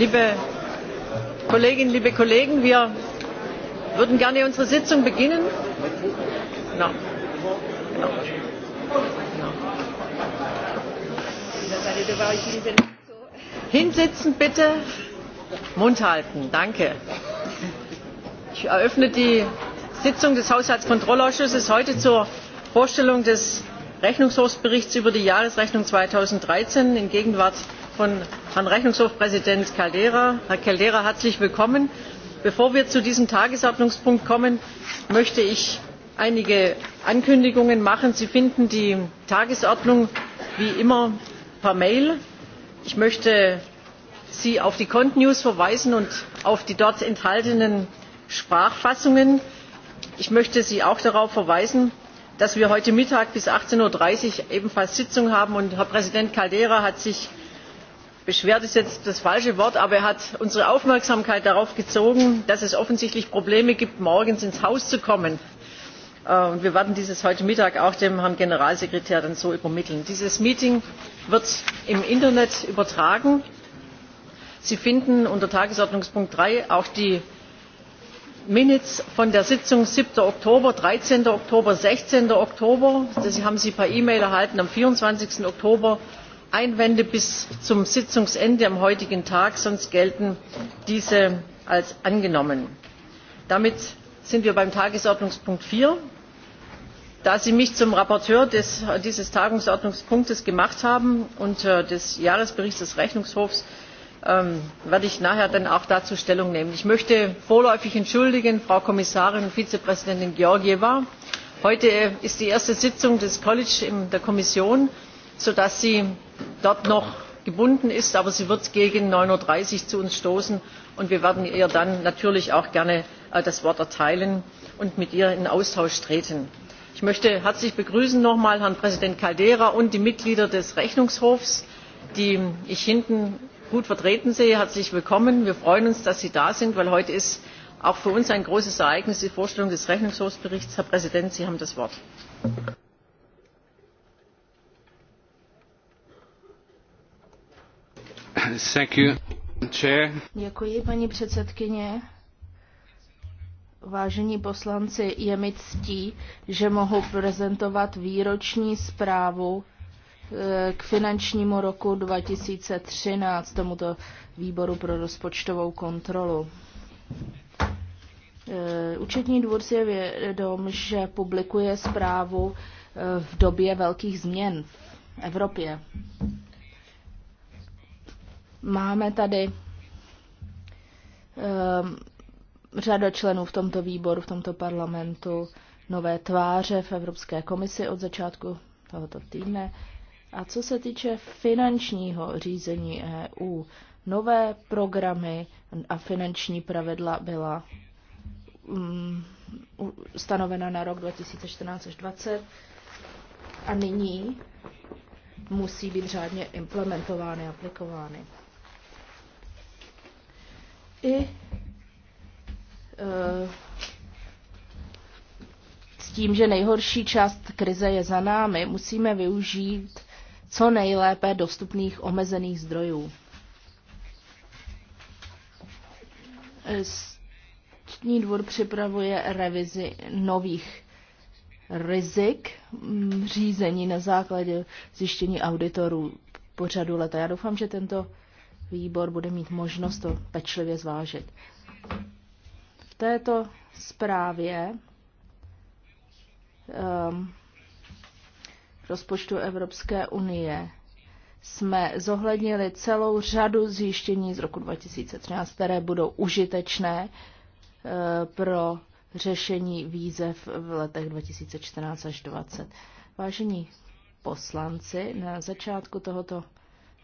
liebe kolleginnen liebe kollegen wir würden gerne unsere sitzung beginnen. No. hinsitzen bitte mund halten danke! ich eröffne die sitzung des haushaltskontrollausschusses heute zur vorstellung des rechnungshofsberichts über die jahresrechnung zweitausenddreizehn in gegenwart von herrn rechnungshofpräsident caldeira. herr caldeira herzlich willkommen! bevor wir zu diesem tagesordnungspunkt kommen möchte ich einige ankündigungen machen. sie finden die tagesordnung wie immer per mail. ich möchte sie auf die cont verweisen und auf die dort enthaltenen sprachfassungen. ich möchte sie auch darauf verweisen dass wir heute mittag bis. achtzehn dreißig uhr ebenfalls sitzung haben und herr präsident caldeira hat sich beschwert ist jetzt das falsche wort aber er hat unsere aufmerksamkeit darauf gezogen dass es offensichtlich probleme gibt morgens ins haus zu kommen. Äh, und wir werden dies heute mittag auch dem herrn generalsekretär so übermitteln. dieses meeting wird im internet übertragen. sie finden unter tagesordnungspunkt drei auch die minutes von der sitzung. sieben oktober. dreizehn oktober. sechzehn oktober sie haben sie per e mail erhalten am. vierundzwanzig oktober einwände bis zum sitzungsende am heutigen tag sonst gelten diese als angenommen. damit sind wir beim tagesordnungspunkt. vier da sie mich zum berichterstatter dieses tagesordnungspunktes gemacht haben und äh, des jahresberichts des rechnungshofs ähm, werde ich nachher dann auch dazu stellung nehmen. ich möchte vorläufig entschuldigen frau kommissarin und vizepräsidentin georgieva heute ist die erste sitzung des kollegiums der kommission sodass sie dort noch gebunden ist aber sie wird gegen. neun dreißig uhr zu uns stoßen und wir werden ihr dann natürlich auch gerne äh, das wort erteilen und mit ihr in austausch treten. ich möchte herzlich begrüßen nochmal herrn präsident caldeira und die mitglieder des rechnungshofs die ich hinten gut vertreten sehe. herzlich willkommen! wir freuen uns dass sie da sind denn heute ist auch für uns ein großes ereignis die vorstellung des rechnungshofsberichts. herr präsident sie haben das wort. Děkuji, paní předsedkyně. Vážení poslanci, je mi ctí, že mohu prezentovat výroční zprávu eh, k finančnímu roku 2013 tomuto výboru pro rozpočtovou kontrolu. Eh, účetní dvůr si je vědom, že publikuje zprávu eh, v době velkých změn v Evropě. Máme tady um, řada členů v tomto výboru, v tomto parlamentu, nové tváře v Evropské komisi od začátku tohoto týdne. A co se týče finančního řízení EU, nové programy a finanční pravidla byla um, stanovena na rok 2014 až 2020 a nyní musí být řádně implementovány, aplikovány i e, s tím, že nejhorší část krize je za námi, musíme využít co nejlépe dostupných omezených zdrojů. Státní dvor připravuje revizi nových rizik řízení na základě zjištění auditorů pořadu leta. Já doufám, že tento výbor bude mít možnost to pečlivě zvážit. V této zprávě um, rozpočtu Evropské unie jsme zohlednili celou řadu zjištění z roku 2013, které budou užitečné eh, pro řešení výzev v letech 2014 až 2020. Vážení poslanci, na začátku tohoto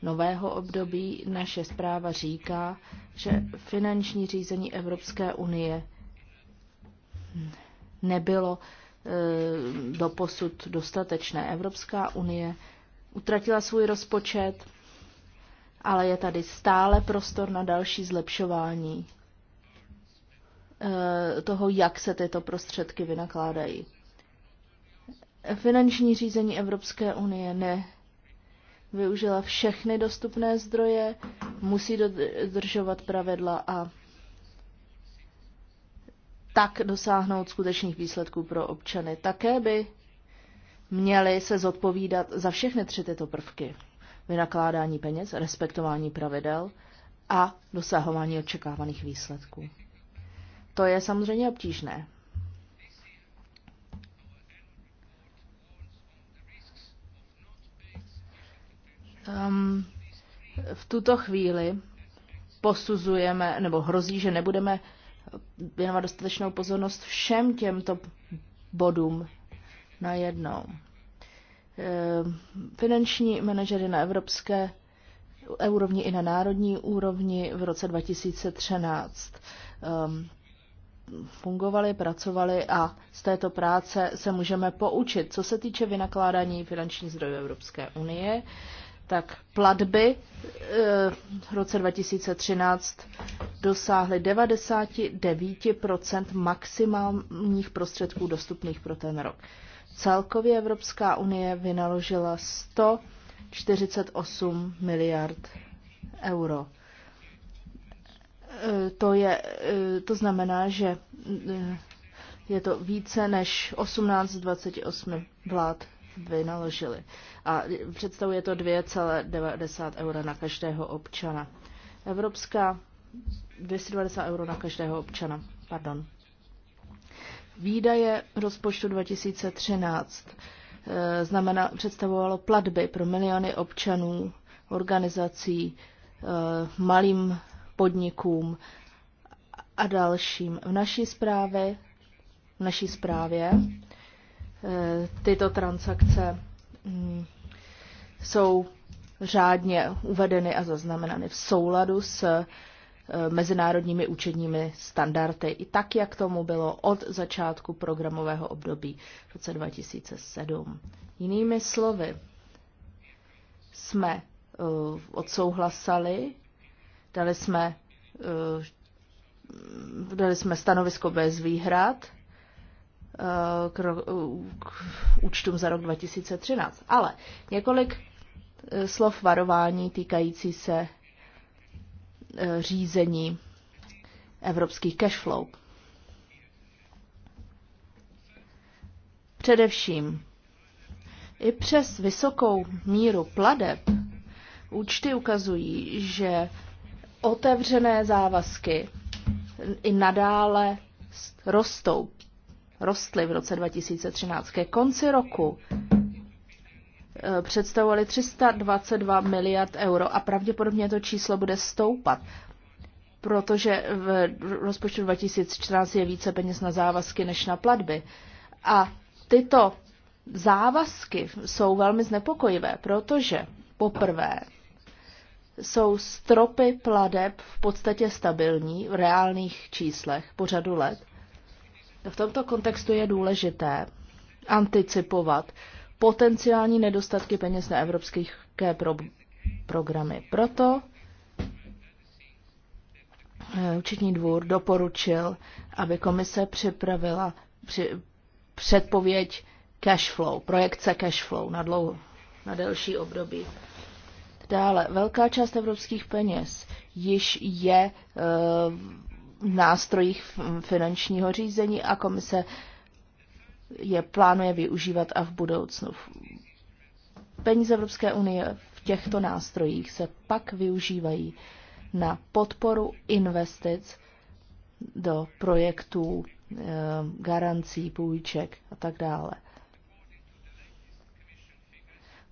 nového období naše zpráva říká, že finanční řízení Evropské unie nebylo e, doposud dostatečné. Evropská unie utratila svůj rozpočet, ale je tady stále prostor na další zlepšování e, toho, jak se tyto prostředky vynakládají. Finanční řízení Evropské unie ne využila všechny dostupné zdroje, musí dodržovat pravidla a tak dosáhnout skutečných výsledků pro občany. Také by měly se zodpovídat za všechny tři tyto prvky. Vynakládání peněz, respektování pravidel a dosahování očekávaných výsledků. To je samozřejmě obtížné. Um, v tuto chvíli posuzujeme, nebo hrozí, že nebudeme věnovat dostatečnou pozornost všem těmto bodům najednou. Ehm, finanční manažery na evropské úrovni i na národní úrovni v roce 2013 ehm, fungovali, pracovali a z této práce se můžeme poučit. Co se týče vynakládání finančních zdrojů Evropské unie, tak platby eh, v roce 2013 dosáhly 99% maximálních prostředků dostupných pro ten rok. Celkově Evropská unie vynaložila 148 miliard euro. Eh, to, je, eh, to znamená, že je to více než 18 28 vlád vynaložili. A představuje to 2,90 eura na každého občana. Evropská 290 euro na každého občana. Pardon. Výdaje rozpočtu 2013 eh, znamená, představovalo platby pro miliony občanů, organizací, eh, malým podnikům a dalším. V naší zprávě, v naší zprávě Eh, tyto transakce mm, jsou řádně uvedeny a zaznamenány v souladu s eh, mezinárodními účetními standardy, i tak, jak tomu bylo od začátku programového období v roce 2007. Jinými slovy, jsme eh, odsouhlasali, dali jsme, dali jsme stanovisko bez výhrad Eh, k, ro- eh, k účtům za rok 2013. Ale několik eh, slov varování týkající se řízení evropských cashflow. Především i přes vysokou míru pladeb účty ukazují, že otevřené závazky i nadále rostou rostly v roce 2013. Ke konci roku eh, představovaly 322 miliard euro a pravděpodobně to číslo bude stoupat, protože v rozpočtu 2014 je více peněz na závazky než na platby. A tyto závazky jsou velmi znepokojivé, protože poprvé jsou stropy pladeb v podstatě stabilní v reálných číslech po řadu let – v tomto kontextu je důležité anticipovat potenciální nedostatky peněz na evropských pro- programy. Proto Učitní eh, dvůr doporučil, aby komise připravila při, předpověď cash flow, projekce cash flow na, dlouho, na delší období. Dále, velká část evropských peněz již je uh, nástrojích finančního řízení a komise je plánuje využívat a v budoucnu. Peníze Evropské unie v těchto nástrojích se pak využívají na podporu investic do projektů, eh, garancí, půjček a tak dále.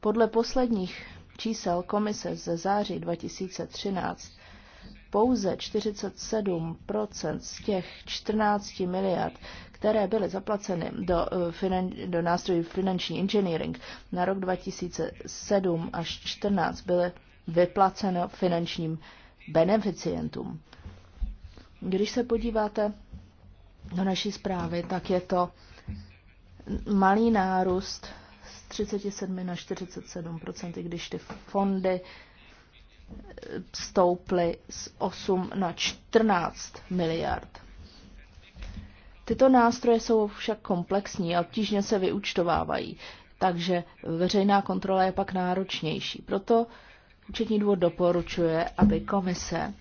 Podle posledních čísel komise ze září 2013 pouze 47 z těch 14 miliard, které byly zaplaceny do, eh, finan, do nástrojů finanční engineering na rok 2007 až 2014, byly vyplaceno finančním beneficientům. Když se podíváte do naší zprávy, tak je to malý nárůst z 37 na 47 i když ty fondy stouply z 8 na 14 miliard. Tyto nástroje jsou však komplexní a obtížně se vyučtovávají, takže veřejná kontrola je pak náročnější. Proto Účetní dvůr doporučuje, aby komise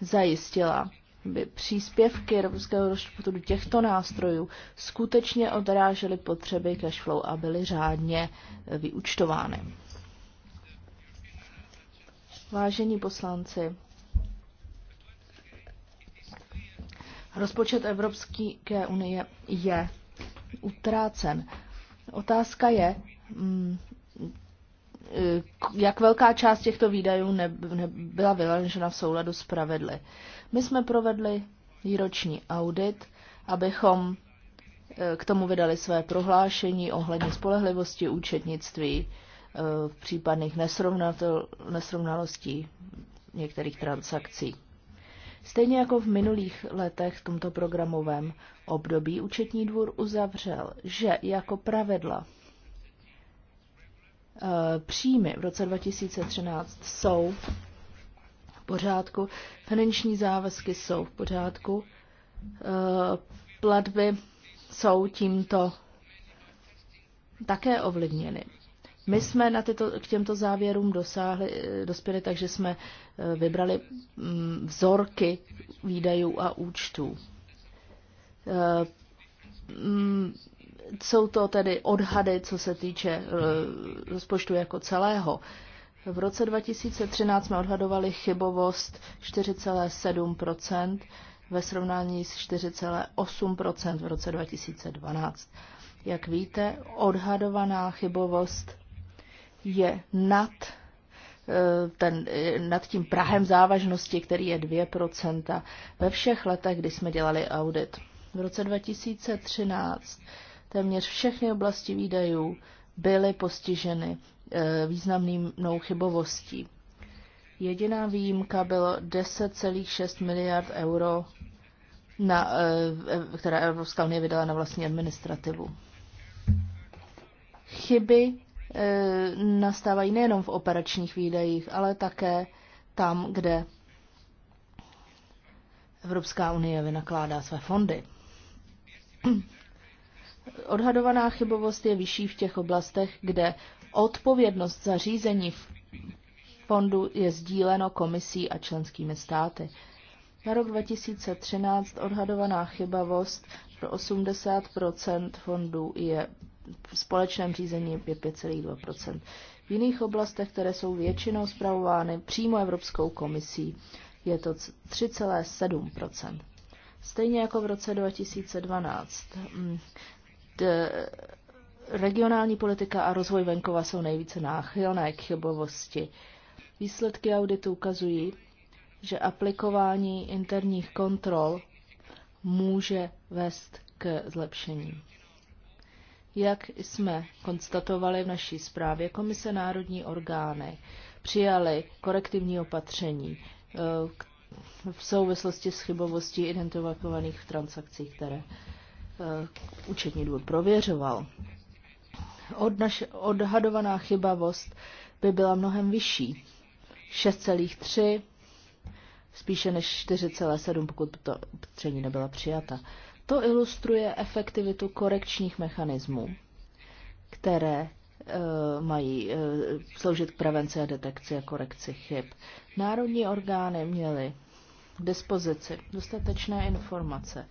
zajistila, aby příspěvky Evropského rozpočtu do těchto nástrojů skutečně odrážely potřeby cashflow a byly řádně vyučtovány. Vážení poslanci, rozpočet Evropské unie je utrácen. Otázka je, mm, jak velká část těchto výdajů nebyla vyložena v souladu s pravidly. My jsme provedli výroční audit, abychom eh, k tomu vydali své prohlášení ohledně spolehlivosti účetnictví Eh, v případných nesrovnalostí některých transakcí. Stejně jako v minulých letech v tomto programovém období účetní dvůr uzavřel, že jako pravidla eh, příjmy v roce 2013 jsou v pořádku, finanční závazky jsou v pořádku, eh, platby jsou tímto také ovlivněny. My jsme na tyto, k těmto závěrům dosáhli, eh, dospěli, že jsme eh, vybrali mm, vzorky výdajů a účtů. Eh, mm, jsou to tedy odhady, co se týče rozpočtu jako celého. V roce 2013 jsme odhadovali chybovost 4,7 ve srovnání s 4,8 v roce 2012. Jak víte, odhadovaná chybovost je nad, eh, ten, eh, nad tím Prahem závažnosti, který je 2% ve všech letech, kdy jsme dělali audit. V roce 2013 téměř všechny oblasti výdajů byly postiženy eh, významnou chybovostí. Jediná výjimka bylo 10,6 miliard euro, na, která Evropská unie vydala na vlastní administrativu. Chyby E, nastávají nejenom v operačních výdajích, ale také tam, kde Evropská unie vynakládá své fondy. Odhadovaná chybovost je vyšší v těch oblastech, kde odpovědnost za řízení fondu je sdíleno komisí a členskými státy. Na rok 2013 odhadovaná chybovost pro 80 fondů je v společném řízení je 5,2 V jiných oblastech, které jsou většinou zpravovány přímo Evropskou komisí, je to 3,7 Stejně jako v roce 2012. Mm, regionální politika a rozvoj venkova jsou nejvíce náchylné k chybovosti. Výsledky auditu ukazují, že aplikování interních kontrol může vést k zlepšení. Jak jsme konstatovali v naší zprávě, Komise národní orgány přijaly korektivní opatření eh, v souvislosti s chybovostí identifikovaných v transakcích, které eh, účetní důvod prověřoval. Od naš, odhadovaná chybavost by byla mnohem vyšší. 6,3 spíše než 4,7, pokud to opatření nebyla přijata. To ilustruje efektivitu korekčních mechanismů, které e, mají e, sloužit k prevenci a detekci a korekci chyb. Národní orgány měly k dispozici dostatečné informace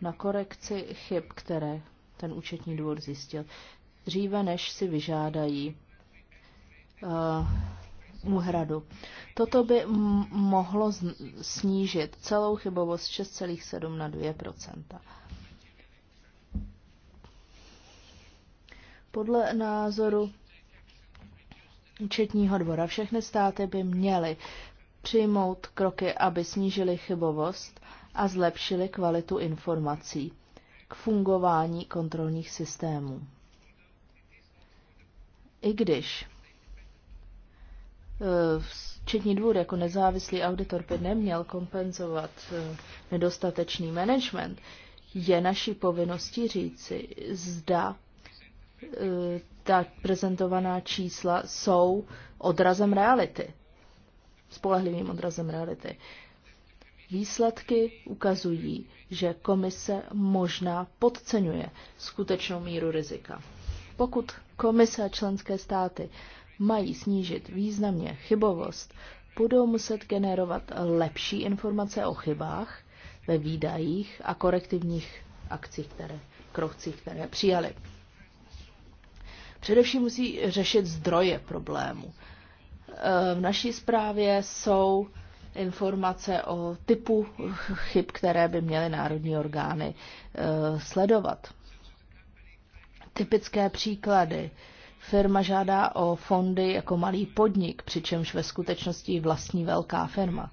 na korekci chyb, které ten účetní dvůr zjistil, dříve než si vyžádají uh, úhradu. Toto by mohlo snížit celou chybovost 6,7 na 2 Podle názoru četního dvora všechny státy by měly přijmout kroky, aby snížili chybovost a zlepšili kvalitu informací k fungování kontrolních systémů. I když eh, četní dvůr jako nezávislý auditor by neměl kompenzovat eh, nedostatečný management, je naší povinností říci, zda Eh, ta prezentovaná čísla jsou odrazem reality. Spolehlivým odrazem reality. Výsledky ukazují, že komise možná podceňuje skutečnou míru rizika. Pokud komise a členské státy mají snížit významně chybovost, budou muset generovat lepší informace o chybách ve výdajích a korektivních akcích, které, krochcích které přijali. Především musí řešit zdroje problému. E, v naší zprávě jsou informace o typu chyb, které by měly národní orgány e, sledovat. Typické příklady. Firma žádá o fondy jako malý podnik, přičemž ve skutečnosti vlastní velká firma.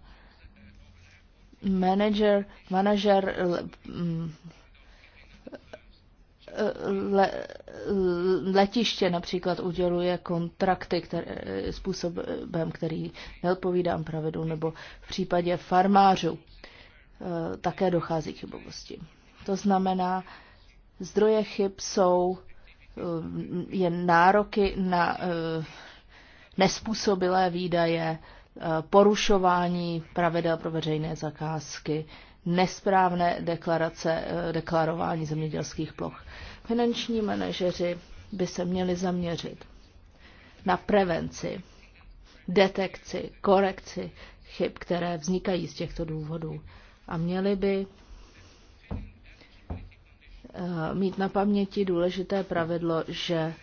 Manager, manažer le, letiště například uděluje kontrakty které, způsobem, který neodpovídám pravidlu, nebo v případě farmářů eh, také dochází k chybovosti. To znamená, zdroje chyb jsou eh, jen nároky na eh, nespůsobilé výdaje, porušování pravidel pro veřejné zakázky, nesprávné deklarace, eh, deklarování zemědělských ploch. Finanční manažeři by se měli zaměřit na prevenci, detekci, korekci chyb, které vznikají z těchto důvodů. A měli by eh, mít na paměti důležité pravidlo, že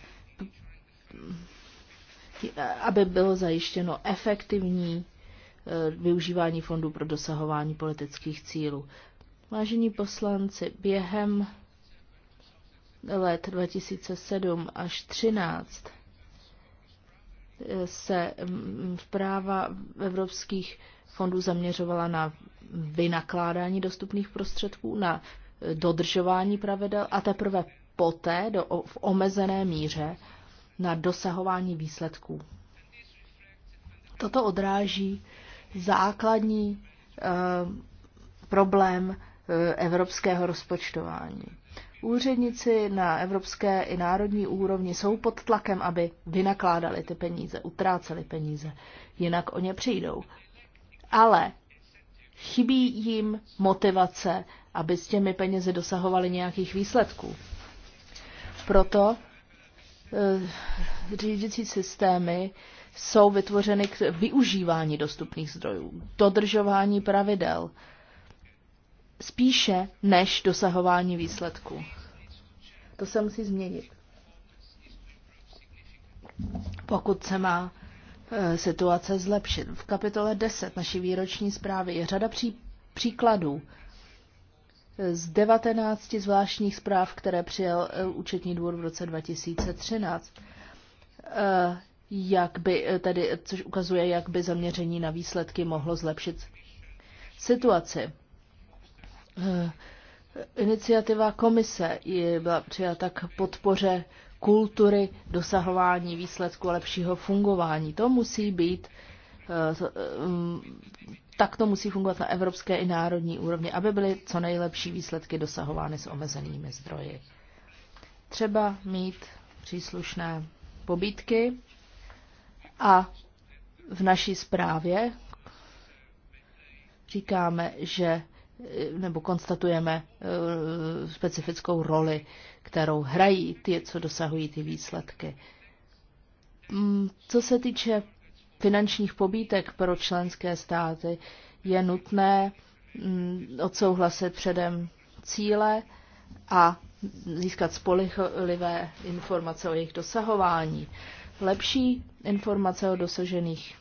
aby bylo zajištěno efektivní Eh, využívání fondů pro dosahování politických cílů. Vážení poslanci, během let 2007 až 2013 eh, se mm, mm, zpráva evropských fondů zaměřovala na vynakládání dostupných prostředků, na eh, dodržování pravidel a teprve poté do, v omezené míře na dosahování výsledků. Toto odráží základní eh, problém eh, evropského rozpočtování. Úředníci na evropské i národní úrovni jsou pod tlakem, aby vynakládali ty peníze, utráceli peníze, jinak o ně přijdou. Ale chybí jim motivace, aby s těmi penězi dosahovali nějakých výsledků. Proto eh, řídící systémy jsou vytvořeny k využívání dostupných zdrojů, dodržování pravidel, spíše než dosahování výsledků. To se musí změnit. Pokud se má e, situace zlepšit. V kapitole 10 naší výroční zprávy je řada pří, příkladů z 19 zvláštních zpráv, které přijel e, účetní dvůr v roce 2013 jak by, eh, tedy, eh, což ukazuje, jak by zaměření na výsledky mohlo zlepšit situaci. Eh, iniciativa komise je byla přijata k podpoře kultury, dosahování výsledku a lepšího fungování. To musí být, tak to musí fungovat na evropské i národní úrovni, aby byly co nejlepší výsledky dosahovány s omezenými zdroji. Třeba mít příslušné pobítky, a v naší zprávě říkáme, že nebo konstatujeme eh, specifickou roli, kterou hrají ty, co dosahují ty výsledky. Mm, co se týče finančních pobítek pro členské státy, je nutné mm, odsouhlasit předem cíle a získat spolehlivé informace o jejich dosahování. Lepší informace o dosažených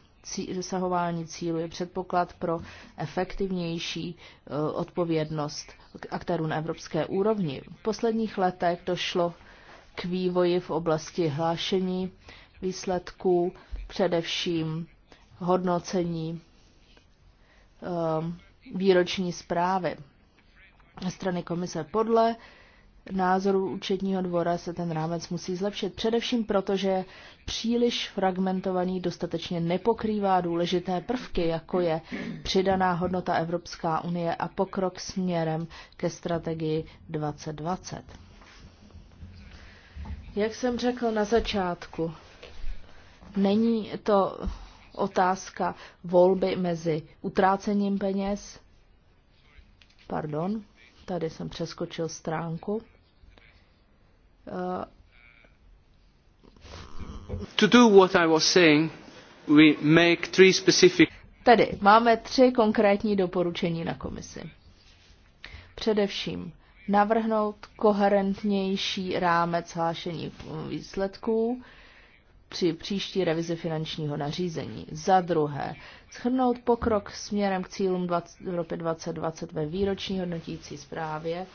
dosahování cílu je předpoklad pro efektivnější e, odpovědnost aktérů na evropské úrovni. V posledních letech došlo k vývoji v oblasti hlášení výsledků, především hodnocení e, výroční zprávy strany komise podle názoru účetního dvora se ten rámec musí zlepšit, především proto, že příliš fragmentovaný dostatečně nepokrývá důležité prvky, jako je přidaná hodnota Evropská unie a pokrok směrem ke strategii 2020. Jak jsem řekl na začátku, není to otázka volby mezi utrácením peněz, pardon, tady jsem přeskočil stránku, to do what I was saying, we make three specific... Tedy máme tři konkrétní doporučení na komisi. Především navrhnout koherentnější rámec hlášení výsledků při příští revizi finančního nařízení. Za druhé, schrnout pokrok směrem k cílům 20, Evropy 2020 ve výroční hodnotící zprávě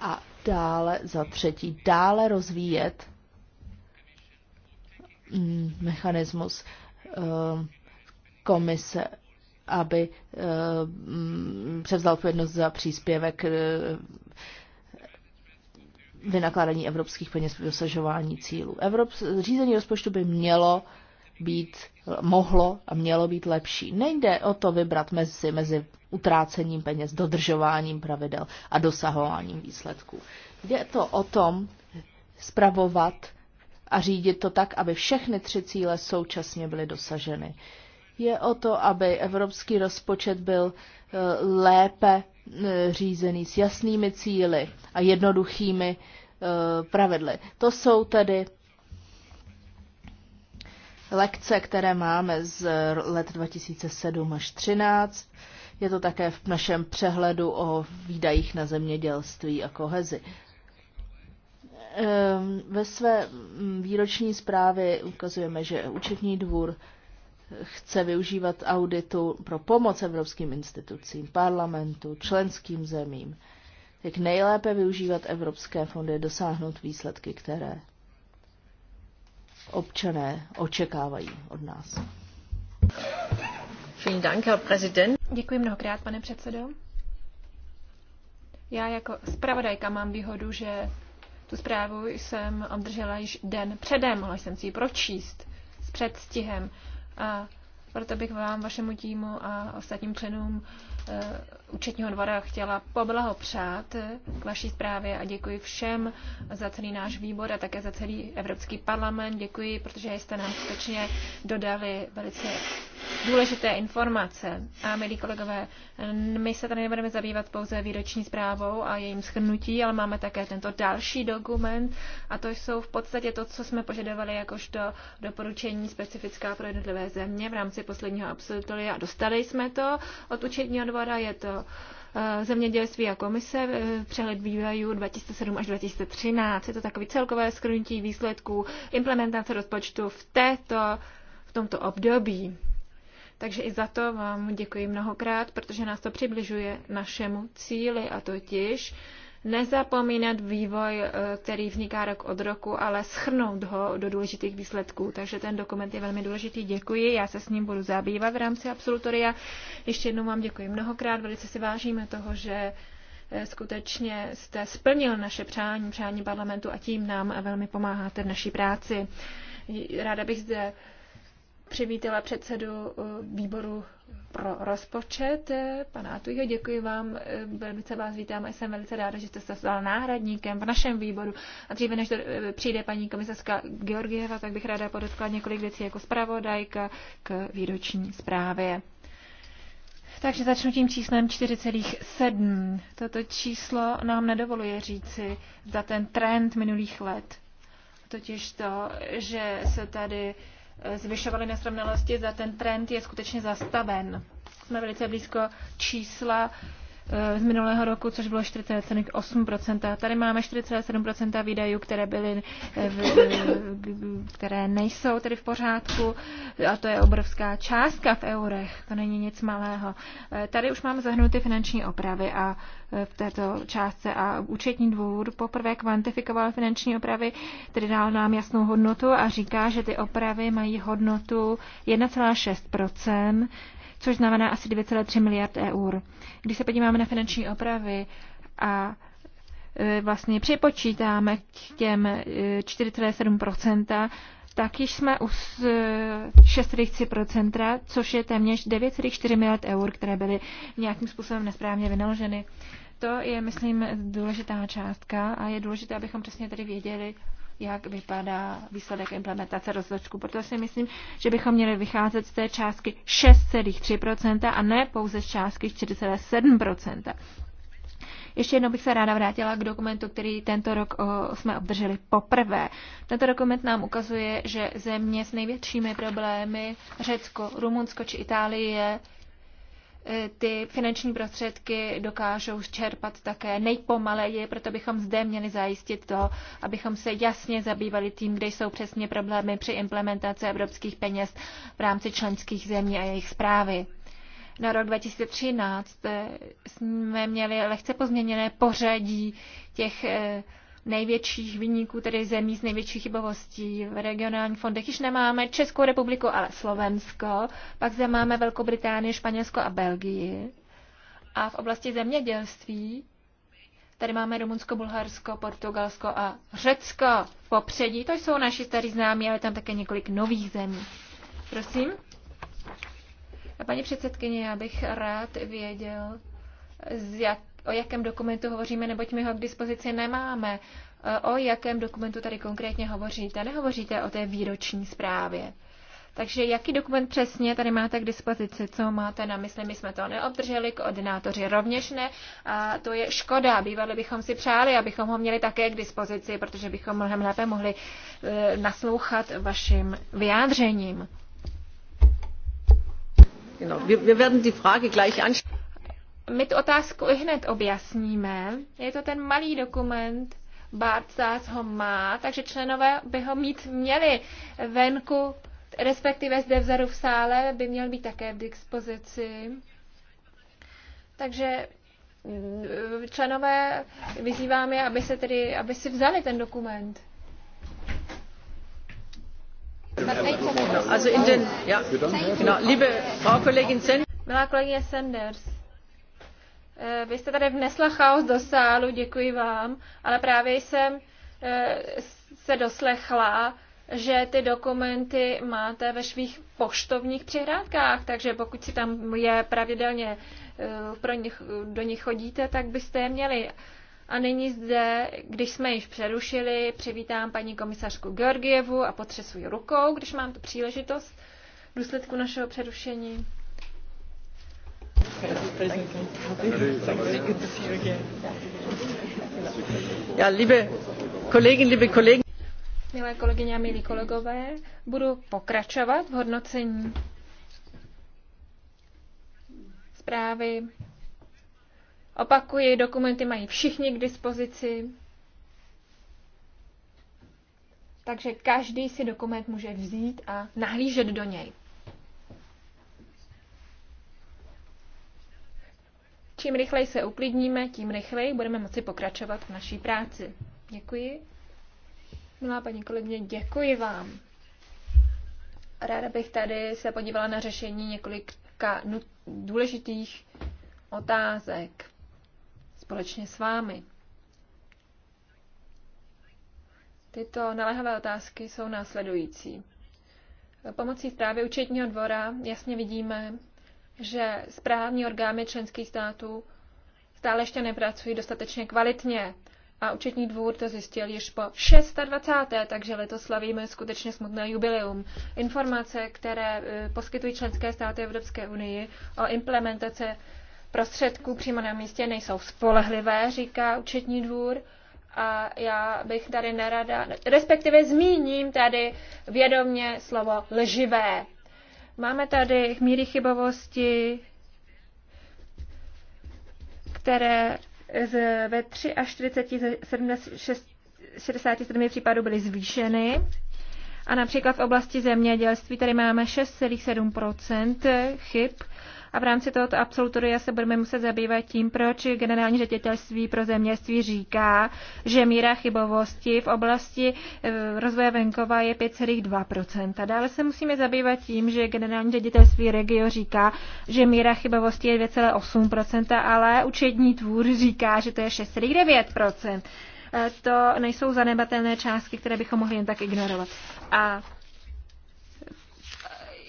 a dále, za třetí, dále rozvíjet mm, mechanismus eh, komise, aby eh, mm, převzal odpovědnost za příspěvek eh, vynakládání evropských peněz pro dosažování cílů. Evrop, řízení rozpočtu by mělo být, mohlo a mělo být lepší. Nejde o to vybrat mezi, mezi utrácením peněz, dodržováním pravidel a dosahováním výsledků. Jde to o tom spravovat a řídit to tak, aby všechny tři cíle současně byly dosaženy. Je o to, aby evropský rozpočet byl e, lépe e, řízený s jasnými cíly a jednoduchými e, pravidly. To jsou tedy lekce, které máme z let 2007 až 2013. Je to také v našem přehledu o výdajích na zemědělství a kohezi. Ehm, ve své mm, výroční zprávě ukazujeme, že účetní dvůr chce využívat auditu pro pomoc evropským institucím, parlamentu, členským zemím, jak nejlépe využívat evropské fondy, dosáhnout výsledky, které občané očekávají od nás. Děkuji mnohokrát, pane předsedo. Já jako zpravodajka mám výhodu, že tu zprávu jsem obdržela již den předem, mohla jsem si ji pročíst s předstihem. A proto bych vám, vašemu týmu a ostatním členům eh, účetního dvora chtěla poblahopřát k vaší zprávě a děkuji všem za celý náš výbor a také za celý Evropský parlament. Děkuji, protože jste nám skutečně dodali velice důležité informace. A milí kolegové, my se tady nebudeme zabývat pouze výroční zprávou a jejím schrnutí, ale máme také tento další dokument a to jsou v podstatě to, co jsme požadovali jakožto doporučení specifická pro jednotlivé země v rámci posledního absolutoria. Dostali jsme to od účetního dvora, je to Eh, zemědělství a komise eh, přehled výdajů 2007 až 2013. Je to takové celkové skrnutí výsledků implementace rozpočtu v, této, v tomto období. Takže i za to vám děkuji mnohokrát, protože nás to přibližuje našemu cíli a totiž nezapomínat vývoj, eh, který vzniká rok od roku, ale schrnout ho do důležitých výsledků. Takže ten dokument je velmi důležitý. Děkuji, já se s ním budu zabývat v rámci absolutoria. Ještě jednou vám děkuji mnohokrát, velice si vážíme toho, že eh, skutečně jste splnil naše přání, přání parlamentu a tím nám velmi pomáháte v naší práci. Ráda bych zde přivítala předsedu eh, výboru pro rozpočet, eh, pana Atujo, děkuji vám, eh, Velmi se vás vítám a jsem velice ráda, že jste se stal náhradníkem v našem výboru. A dříve, než přijde paní komisařka Georgieva, tak bych ráda podotkla několik věcí jako zpravodajka k výroční zprávě. Takže začnu tím číslem 4,7. Toto číslo nám nedovoluje říci za ten trend minulých let. Totiž to, že se tady uh, zvyšovaly nesrovnalosti, za ten trend je skutečně zastaven. Jsme velice blízko čísla z minulého roku, což bylo 4,8%. Tady máme 4,7% výdajů, které byly, eh, v, které nejsou tedy v pořádku a to je obrovská částka v eurech, to není nic malého. Eh, tady už máme zahrnuty finanční opravy a eh, v této částce a účetní dvůr poprvé kvantifikoval finanční opravy, tedy dal nám jasnou hodnotu a říká, že ty opravy mají hodnotu 1,6%, což znamená asi 2,3 miliard eur. Když se podíváme na finanční opravy a e, vlastně připočítáme k těm 4,7%, e, tak již jsme u 6,3%, e, což je téměř 9,4 miliard eur, které byly nějakým způsobem nesprávně vynaloženy. To je, myslím, důležitá částka a je důležité, abychom přesně tady věděli, jak vypadá výsledek implementace rozločku. Proto si myslím, že bychom měli vycházet z té částky 6,3% a ne pouze z částky 4,7%. Ještě jednou bych se ráda vrátila k dokumentu, který tento rok jsme obdrželi poprvé. Tento dokument nám ukazuje, že země s největšími problémy, Řecko, Rumunsko či Itálie, E, ty finanční prostředky dokážou čerpat také nejpomaleji, proto bychom zde měli zajistit to, abychom se jasně zabývali tím, kde jsou přesně problémy při implementaci evropských peněz v rámci členských zemí a jejich zprávy. Na rok 2013 e, jsme měli lehce pozměněné pořadí těch e, největších vyníků, tedy zemí s největší chybovostí v regionálních fondech. Již nemáme Českou republiku, ale Slovensko. Pak zde máme Velkou Británii, Španělsko a Belgii. A v oblasti zemědělství tady máme Rumunsko, Bulharsko, Portugalsko a Řecko v popředí. To jsou naši starý známí, ale tam také několik nových zemí. Prosím. A paní předsedkyně, já bych rád věděl, z jak o jakém dokumentu hovoříme, neboť my ho k dispozici nemáme. E, o jakém dokumentu tady konkrétně hovoříte? Nehovoříte o té výroční zprávě. Takže jaký dokument přesně tady máte k dispozici, co máte na mysli? My jsme to neobdrželi, koordinátoři rovněž ne. A to je škoda. Bývali bychom si přáli, abychom ho měli také k dispozici, protože bychom mnohem lépe mohli e, naslouchat vašim vyjádřením. Genau. Wir, wir werden die Frage gleich anschauen. My tu otázku i hned objasníme. Je to ten malý dokument, Barcas ho má, takže členové by ho mít měli venku, respektive zde vzadu v sále by měl být také v dispozici. Takže mm, členové vyzýváme, aby, se tedy, aby si vzali ten dokument. Also in den, ja, genau, liebe Frau Kollegin Sanders, Eh, vy jste tady vnesla chaos do sálu, děkuji vám, ale právě jsem eh, se doslechla, že ty dokumenty máte ve svých poštovních přihrádkách, takže pokud si tam je pravidelně eh, pro nich, do nich chodíte, tak byste je měli. A nyní zde, když jsme již přerušili, přivítám paní komisařku Georgievu a potřesuji rukou, když mám tu příležitost v důsledku našeho přerušení. Milé kolegyně a milí kolegové, budu pokračovat v hodnocení zprávy. Opakuji, dokumenty mají všichni k dispozici, takže každý si dokument může vzít a nahlížet do něj. Čím rychleji se uklidníme, tím rychleji budeme moci pokračovat v naší práci. Děkuji. Milá paní kolegyně, děkuji vám. Ráda bych tady se podívala na řešení několika důležitých otázek společně s vámi. Tyto naléhavé otázky jsou následující. Pomocí zprávy účetního dvora jasně vidíme, že správní orgány členských států stále ještě nepracují dostatečně kvalitně. A účetní dvůr to zjistil již po 26. takže letos slavíme skutečně smutné jubileum. Informace, které e, poskytují členské státy Evropské unii o implementace prostředků přímo na místě, nejsou spolehlivé, říká účetní dvůr. A já bych tady nerada, respektive zmíním tady vědomě slovo lživé, Máme tady míry chybovosti, které z, ve 3 až 40 76, 67 případů byly zvýšeny. A například v oblasti zemědělství tady máme 6,7 chyb, a v rámci tohoto absolutoria se budeme muset zabývat tím, proč generální ředitelství pro zeměství říká, že míra chybovosti v oblasti eh, rozvoje venkova je 5,2%. Dále se musíme zabývat tím, že generální ředitelství regio říká, že míra chybovosti je 2,8%, ale učední tvůr říká, že to je 6,9%. Eh, to nejsou zanebatelné částky, které bychom mohli jen tak ignorovat. A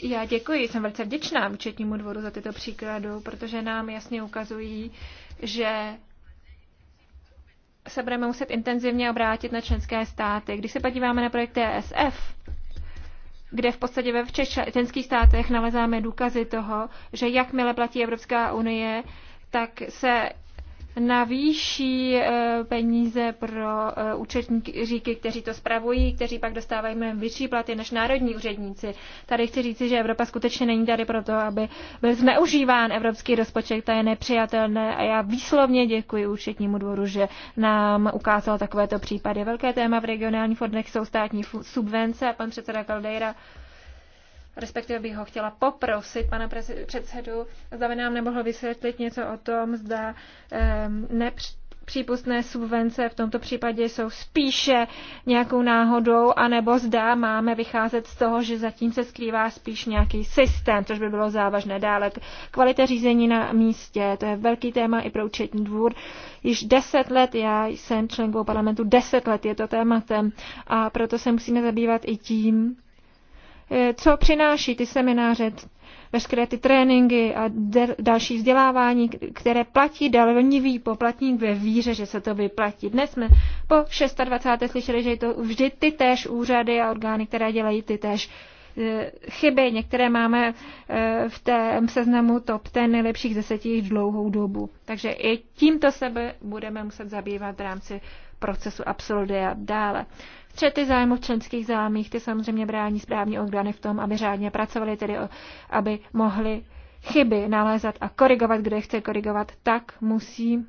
já děkuji, jsem velice vděčná účetnímu dvoru za tyto příklady, protože nám jasně ukazují, že se budeme muset intenzivně obrátit na členské státy. Když se podíváme na projekt TSF, e kde v podstatě ve všech státech nalezáme důkazy toho, že jakmile platí Evropská unie, tak se navýší eh, peníze pro eh, účetníky, kteří to spravují, kteří pak dostávají mnohem vyšší platy než národní úředníci. Tady chci říci, že Evropa skutečně není tady proto, aby byl zneužíván evropský rozpočet, to je nepřijatelné a já výslovně děkuji účetnímu dvoru, že nám ukázal takovéto případy. Velké téma v regionálních fondech jsou státní subvence a pan předseda Caldeira respektive bych ho chtěla poprosit, pana předsedu, zda by nám nemohl vysvětlit něco o tom, zda ehm, nepř- přípustné subvence v tomto případě jsou spíše nějakou náhodou, anebo zda máme vycházet z toho, že zatím se skrývá spíš nějaký systém, což by bylo závažné dále. Kvalita řízení na místě, to je velký téma i pro účetní dvůr. Již deset let, já jsem členkou parlamentu, deset let je to tématem a proto se musíme zabývat i tím, Eh, co přináší ty semináře, veškeré ty tréninky a další vzdělávání, které platí dalovnivý poplatník ve víře, že se to vyplatí. Dnes jsme po 26. slyšeli, že je to vždy ty též úřady a orgány, které dělají ty též eh, chyby. Některé máme eh, v té seznamu top ten nejlepších desetích dlouhou dobu. Takže i tímto sebe budeme muset zabývat v rámci procesu absolutia dále. Střety zájmu v členských zámích, ty samozřejmě brání správní orgány v tom, aby řádně pracovali, tedy aby mohli chyby nalézat a korigovat, kde chce korigovat, tak musí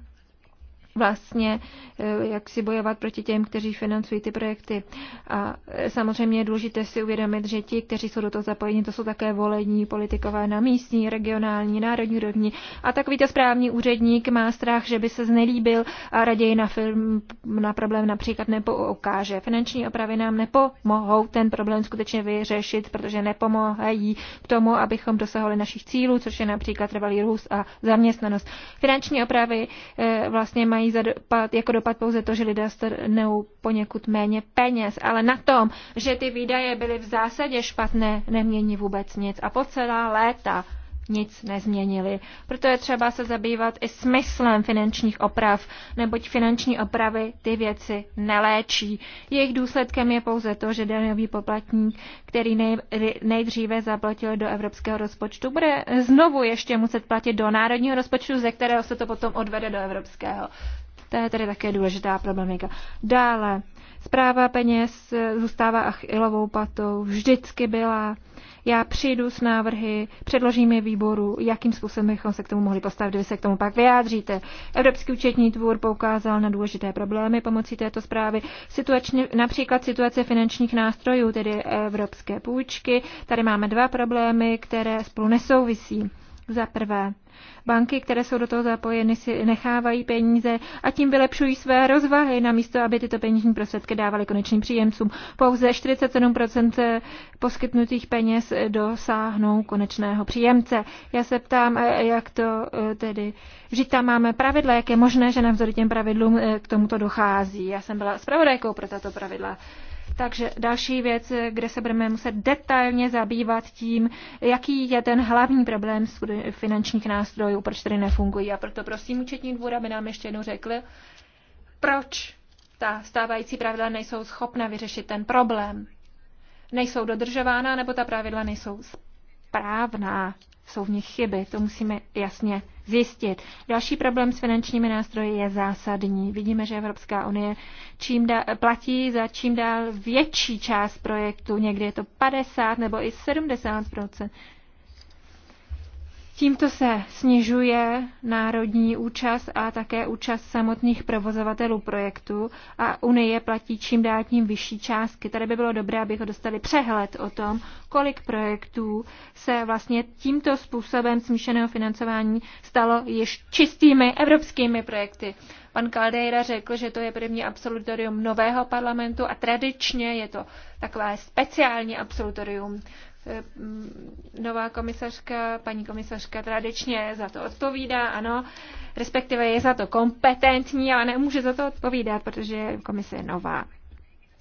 vlastně eh, jak si bojovat proti těm, kteří financují ty projekty. A eh, samozřejmě je důležité si uvědomit, že ti, kteří jsou do toho zapojeni, to jsou také volení politikové na místní, regionální, národní úrovni. A takový to správní úředník má strach, že by se znelíbil a raději na, film, na problém například nepoukáže. Finanční opravy nám nepomohou ten problém skutečně vyřešit, protože nepomohají k tomu, abychom dosahovali našich cílů, což je například trvalý růst a zaměstnanost. Finanční opravy eh, vlastně mají mají za dopad, jako dopad pouze to, že lidé strnou poněkud méně peněz, ale na tom, že ty výdaje byly v zásadě špatné, nemění vůbec nic. A po celá léta nic nezměnili. Proto je třeba se zabývat i smyslem finančních oprav, neboť finanční opravy ty věci neléčí. Jejich důsledkem je pouze to, že daňový poplatník, který nej, nejdříve zaplatil do evropského rozpočtu, bude znovu ještě muset platit do národního rozpočtu, ze kterého se to potom odvede do evropského. To je tedy také důležitá problematika. Dále, Zpráva peněz zůstává achilovou patou, vždycky byla. Já přijdu s návrhy, předložím je výboru, jakým způsobem bychom se k tomu mohli postavit, vy se k tomu pak vyjádříte. Evropský účetní tvůr poukázal na důležité problémy pomocí této zprávy, Situačně, například situace finančních nástrojů, tedy evropské půjčky. Tady máme dva problémy, které spolu nesouvisí. Za prvé, banky, které jsou do toho zapojeny, si nechávají peníze a tím vylepšují své rozvahy, namísto aby tyto peněžní prostředky dávaly konečným příjemcům. Pouze 47% poskytnutých peněz dosáhnou konečného příjemce. Já se ptám, jak to eh, tedy, vždyť tam máme pravidla, jak je možné, že navzory těm pravidlům eh, k tomuto dochází. Já jsem byla zpravodajkou pro tato pravidla. Takže další věc, kde se budeme muset detailně zabývat tím, jaký je ten hlavní problém s finančních nástrojů, proč tady nefungují. A proto prosím účetní dvůr, aby nám ještě jednou řekl, proč ta stávající pravidla nejsou schopna vyřešit ten problém. Nejsou dodržována, nebo ta pravidla nejsou správná jsou v nich chyby. To musíme jasně zjistit. Další problém s finančními nástroji je zásadní. Vidíme, že Evropská unie čím dál, platí za čím dál větší část projektu. Někdy je to 50 nebo i 70 Tímto se snižuje národní účast a také účast samotných provozovatelů projektu a Unie platí čím dál tím vyšší částky. Tady by bylo dobré, abychom dostali přehled o tom, kolik projektů se vlastně tímto způsobem smíšeného financování stalo již čistými evropskými projekty. Pan Caldeira řekl, že to je první absolutorium nového parlamentu a tradičně je to takové speciální absolutorium. Eh, nová komisařka, paní komisařka tradičně za to odpovídá, ano, respektive je za to kompetentní, ale nemůže za to odpovídat, protože komise je nová.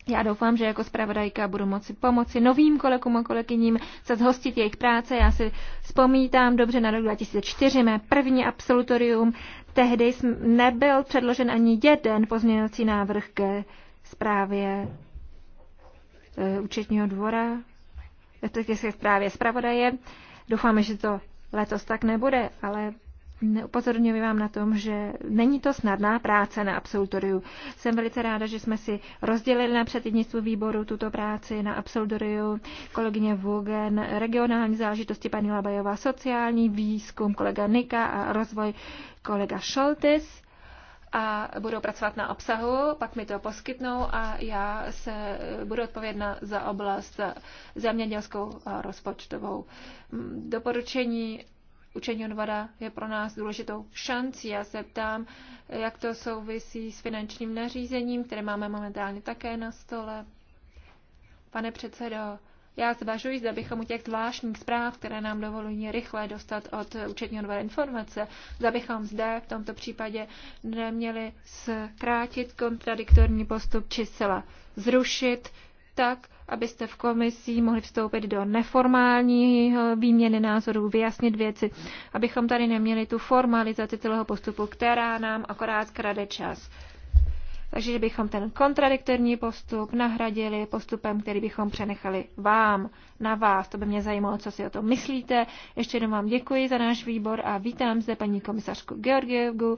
Já doufám, že jako zpravodajka budu moci pomoci novým kolegům a kolegyním se zhostit jejich práce. Já si vzpomínám dobře na rok 2004, mé první absolutorium. Tehdy nebyl předložen ani jeden pozměňovací návrh ke zprávě eh, účetního dvora to je právě zpravodaje. Doufáme, že to letos tak nebude, ale Upozorňuji vám na tom, že není to snadná práce na absolutoriu. Jsem velice ráda, že jsme si rozdělili na předsednictvu výboru tuto práci na absolutoriu. Kolegyně Vogen, regionální záležitosti paní Labajová, sociální výzkum, kolega Nika a rozvoj kolega Šoltis a budou pracovat na obsahu, pak mi to poskytnou a já se eh, budu odpovědna za oblast zemědělskou a rozpočtovou. Mm, doporučení učení odvada je pro nás důležitou šancí. Já se ptám, jak to souvisí s finančním nařízením, které máme momentálně také na stole. Pane předsedo, já zvažuji, zda bychom u těch zvláštních zpráv, které nám dovolují rychle dostat od účetního dvora informace, zda bychom zde v tomto případě neměli zkrátit kontradiktorní postup či zcela zrušit, tak, abyste v komisí mohli vstoupit do neformální výměny názorů, vyjasnit věci, abychom tady neměli tu formalizaci celého postupu, která nám akorát krade čas. Takže bychom ten kontradiktorní postup nahradili postupem, který bychom přenechali vám, na vás. To by mě zajímalo, co si o tom myslíte. Ještě jednou vám děkuji za náš výbor a vítám zde paní komisařku Georgievu,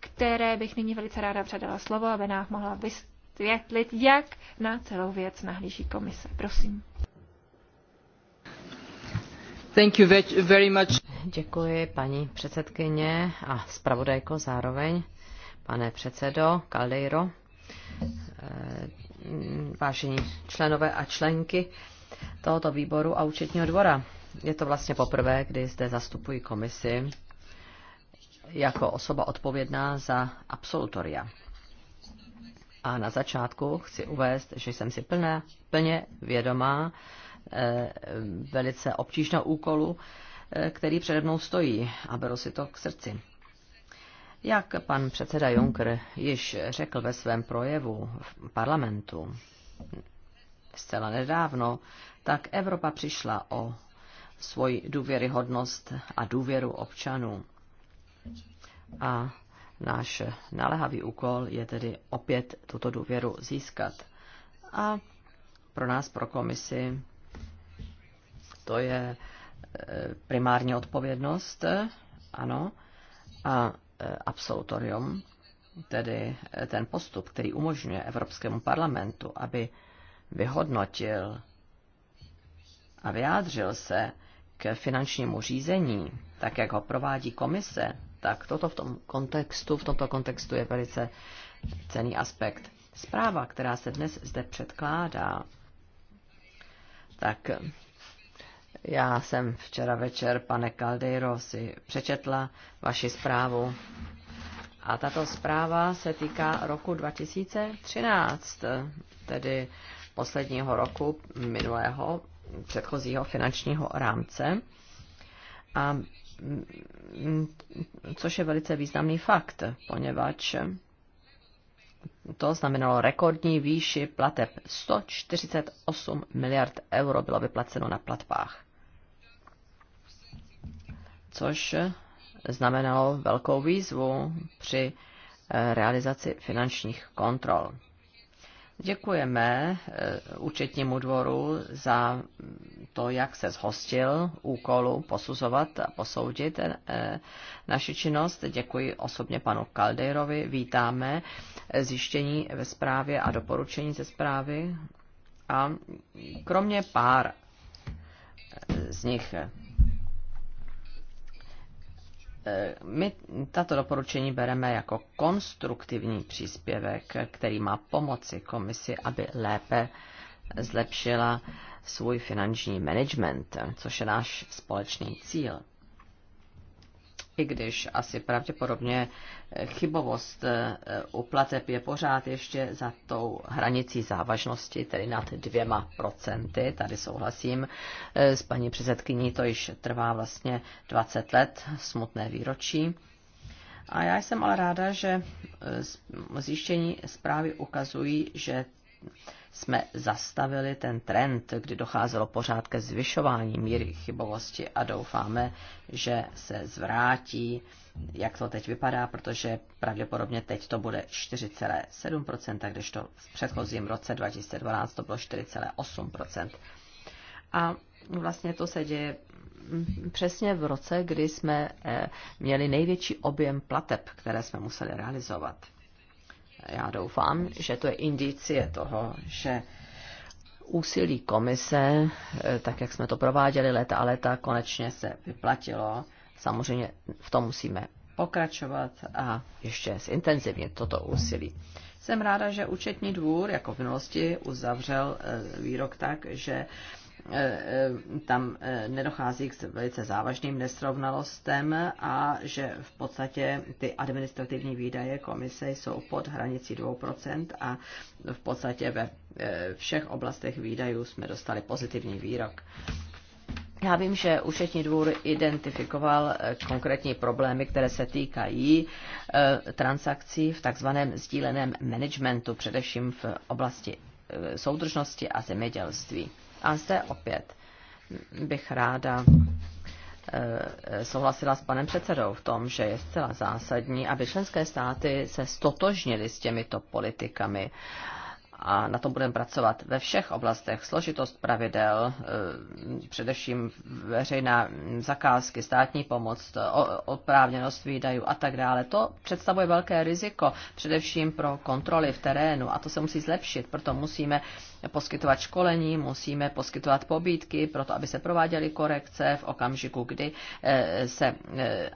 které bych nyní velice ráda předala slovo, aby nám mohla vysvětlit, jak na celou věc nahlíží komise. Prosím. Thank you very much. Děkuji paní předsedkyně a zpravodajko zároveň pane předsedo Caldeiro, eh, vážení členové a členky tohoto výboru a účetního dvora. Je to vlastně poprvé, kdy zde zastupuji komisi jako osoba odpovědná za absolutoria. A na začátku chci uvést, že jsem si plné, plně vědomá eh, velice obtížného úkolu, eh, který přede mnou stojí a beru si to k srdci. Jak pan předseda Juncker již řekl ve svém projevu v parlamentu zcela nedávno, tak Evropa přišla o svoji důvěryhodnost a důvěru občanů. A náš naléhavý úkol je tedy opět tuto důvěru získat. A pro nás, pro komisi, to je e, primární odpovědnost, ano, a Eh, absolutorium, tedy eh, ten postup, který umožňuje Evropskému parlamentu, aby vyhodnotil a vyjádřil se k finančnímu řízení, tak jak ho provádí komise, tak toto v tom kontextu, v tomto kontextu je velice cený aspekt. Zpráva, která se dnes zde předkládá, tak já jsem včera večer, pane Caldeiro, si přečetla vaši zprávu. A tato zpráva se týká roku 2013, tedy posledního roku minulého předchozího finančního rámce. A mm, což je velice významný fakt, poněvadž to znamenalo rekordní výši plateb 148 miliard euro bylo vyplaceno na platbách což znamenalo velkou výzvu při eh, realizaci finančních kontrol. Děkujeme eh, účetnímu dvoru za to, jak se zhostil úkolu posuzovat a posoudit eh, naši činnost. Děkuji osobně panu Kaldejrovi. Vítáme zjištění ve zprávě a doporučení ze zprávy. A kromě pár z nich Eh, my tato doporučení bereme jako konstruktivní příspěvek, který má pomoci komisi, aby lépe zlepšila svůj finanční management, což je náš společný cíl i když asi pravděpodobně eh, chybovost eh, u plateb je pořád ještě za tou hranicí závažnosti, tedy nad dvěma procenty. Tady souhlasím eh, s paní předsedkyní, to již trvá vlastně 20 let, smutné výročí. A já jsem ale ráda, že zjištění zprávy ukazují, že jsme zastavili ten trend, kdy docházelo pořád ke zvyšování míry chybovosti a doufáme, že se zvrátí, jak to teď vypadá, protože pravděpodobně teď to bude 4,7%, když to v předchozím roce 2012 to bylo 4,8%. A vlastně to se děje mm, přesně v roce, kdy jsme eh, měli největší objem plateb, které jsme museli realizovat. Já doufám, že to je indicie toho, že úsilí komise, eh, tak jak jsme to prováděli léta a léta, konečně se vyplatilo. Samozřejmě v tom musíme pokračovat a ještě zintenzivnit toto úsilí. Jsem ráda, že účetní dvůr, jako v minulosti, uzavřel eh, výrok tak, že E, e, tam e, nedochází k velice závažným nesrovnalostem a že v podstatě ty administrativní výdaje komise jsou pod hranicí 2% a v podstatě ve všech oblastech výdajů jsme dostali pozitivní výrok. Já vím, že účetní dvůr identifikoval konkrétní problémy, které se týkají transakcí v takzvaném sdíleném managementu, především v oblasti soudržnosti a zemědělství. A zde opět bych ráda eh, souhlasila s panem předsedou v tom, že je zcela zásadní, aby členské státy se stotožnily s těmito politikami a na tom budeme pracovat ve všech oblastech. Složitost pravidel, eh, především veřejná zakázky, státní pomoc, oprávněnost výdajů a tak dále, to představuje velké riziko, především pro kontroly v terénu a to se musí zlepšit, proto musíme poskytovat školení, musíme poskytovat pobídky, proto aby se prováděly korekce v okamžiku, kdy, eh, se, eh,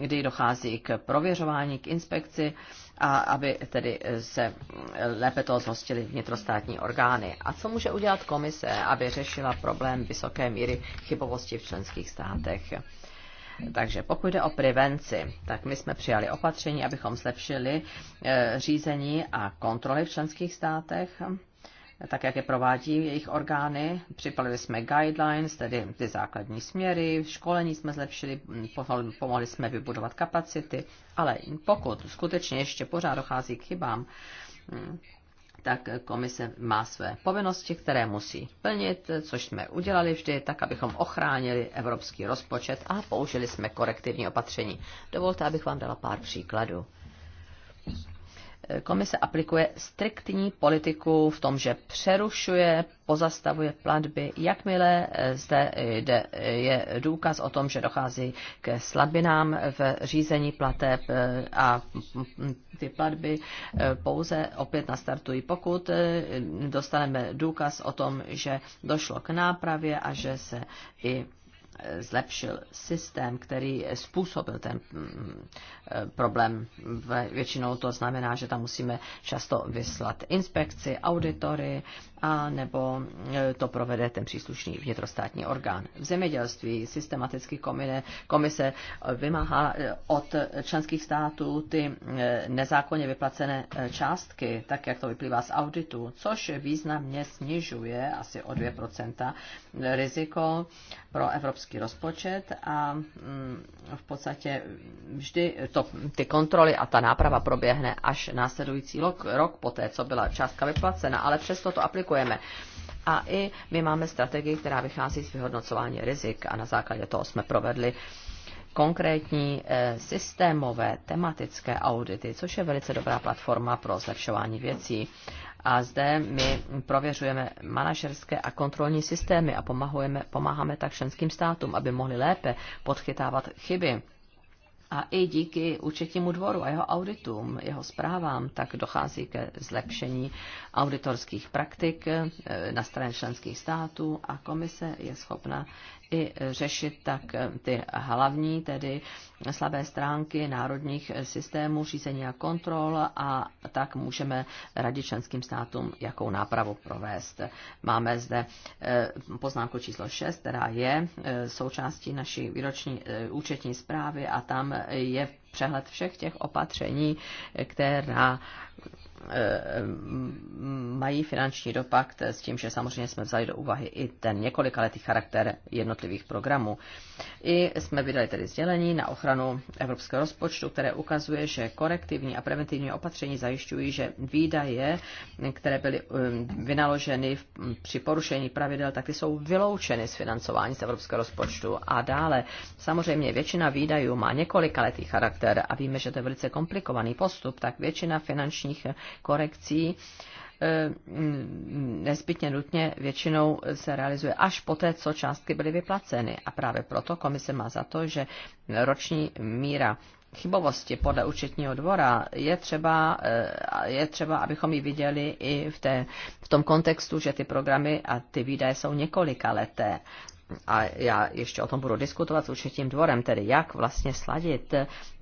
kdy dochází k prověřování, k inspekci a aby tedy se lépe toho zhostily vnitrostátní orgány. A co může udělat komise, aby řešila problém vysoké míry chybovosti v členských státech? Takže pokud jde o prevenci, tak my jsme přijali opatření, abychom zlepšili eh, řízení a kontroly v členských státech tak jak je provádí jejich orgány. Připravili jsme guidelines, tedy ty základní směry, školení jsme zlepšili, pomohli jsme vybudovat kapacity, ale pokud skutečně ještě pořád dochází k chybám, hm, tak komise má své povinnosti, které musí plnit, což jsme udělali vždy, tak abychom ochránili evropský rozpočet a použili jsme korektivní opatření. Dovolte, abych vám dala pár příkladů komise aplikuje striktní politiku v tom, že přerušuje, pozastavuje platby, jakmile eh, zde jde, eh, je důkaz o tom, že dochází k slabinám v řízení plateb eh, a ty platby pouze opět nastartují, pokud dostaneme důkaz o tom, že došlo k nápravě a že se i zlepšil systém, který způsobil ten mm, eh, problém. Většinou to znamená, že tam musíme často vyslat inspekci, auditory, a nebo eh, to provede ten příslušný vnitrostátní orgán. V zemědělství systematicky komise eh, vymáhá od členských států ty nezákonně vyplacené částky, tak jak to vyplývá z auditu, což významně snižuje asi o 2% riziko pro Evropskou evropský rozpočet a mm, v podstatě vždy to, ty kontroly a ta náprava proběhne až následující rok, rok poté, co byla částka vyplacena, ale přesto to aplikujeme. A i my máme strategii, která vychází z vyhodnocování rizik a na základě toho jsme provedli konkrétní eh, systémové tematické audity, což je velice dobrá platforma pro zlepšování věcí. A zde my prověřujeme manažerské a kontrolní systémy a pomáháme, pomáháme tak členským státům, aby mohli lépe podchytávat chyby. A i díky účetnímu dvoru a jeho auditům, jeho zprávám, tak dochází ke zlepšení auditorských praktik eh, na straně členských států a komise je schopna i řešit tak eh, ty hlavní, tedy slabé stránky národních systémů řízení a kontrol a tak můžeme radit členským státům, jakou nápravu provést. Máme zde eh, poznámku číslo 6, která je eh, součástí naší výroční účetní zprávy a tam je přehled všech těch opatření, která Eh, mají finanční dopad s tím, že samozřejmě jsme vzali do úvahy i ten několikaletý charakter jednotlivých programů. I jsme vydali tedy sdělení na ochranu evropského rozpočtu, které ukazuje, že korektivní a preventivní opatření zajišťují, že výdaje, které byly eh, vynaloženy při porušení pravidel, tak ty jsou vyloučeny z financování z evropského rozpočtu. A dále samozřejmě většina výdajů má několikaletý charakter a víme, že to je velice komplikovaný postup, tak většina finančních korekcí eh, mm, nezbytně nutně většinou se realizuje až poté, co částky byly vyplaceny. A právě proto komise má za to, že roční míra chybovosti podle účetního dvora je třeba, eh, je třeba abychom ji viděli i v, té, v tom kontextu, že ty programy a ty výdaje jsou několika leté a já ještě o tom budu diskutovat s určitým dvorem, tedy jak vlastně sladit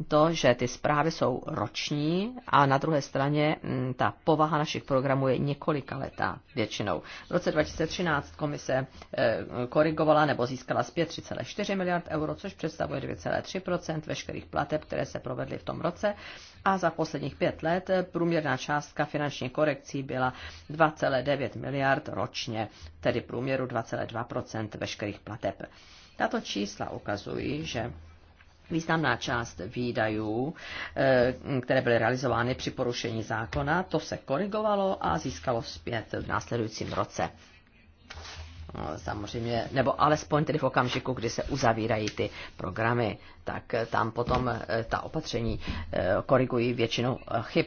to, že ty zprávy jsou roční a na druhé straně mm, ta povaha našich programů je několika letá většinou. V roce 2013 komise eh, korigovala nebo získala zpět 3,4 miliard euro, což představuje 2,3 veškerých plateb, které se provedly v tom roce a za posledních pět let průměrná částka finanční korekcí byla 2,9 miliard ročně, tedy průměru 2,2 veškerých plateb. Tato čísla ukazují, že Významná část výdajů, eh, které byly realizovány při porušení zákona, to se korigovalo a získalo zpět v následujícím roce. No, samozřejmě, nebo alespoň tedy v okamžiku, kdy se uzavírají ty programy, tak eh, tam potom eh, ta opatření eh, korigují většinu chyb.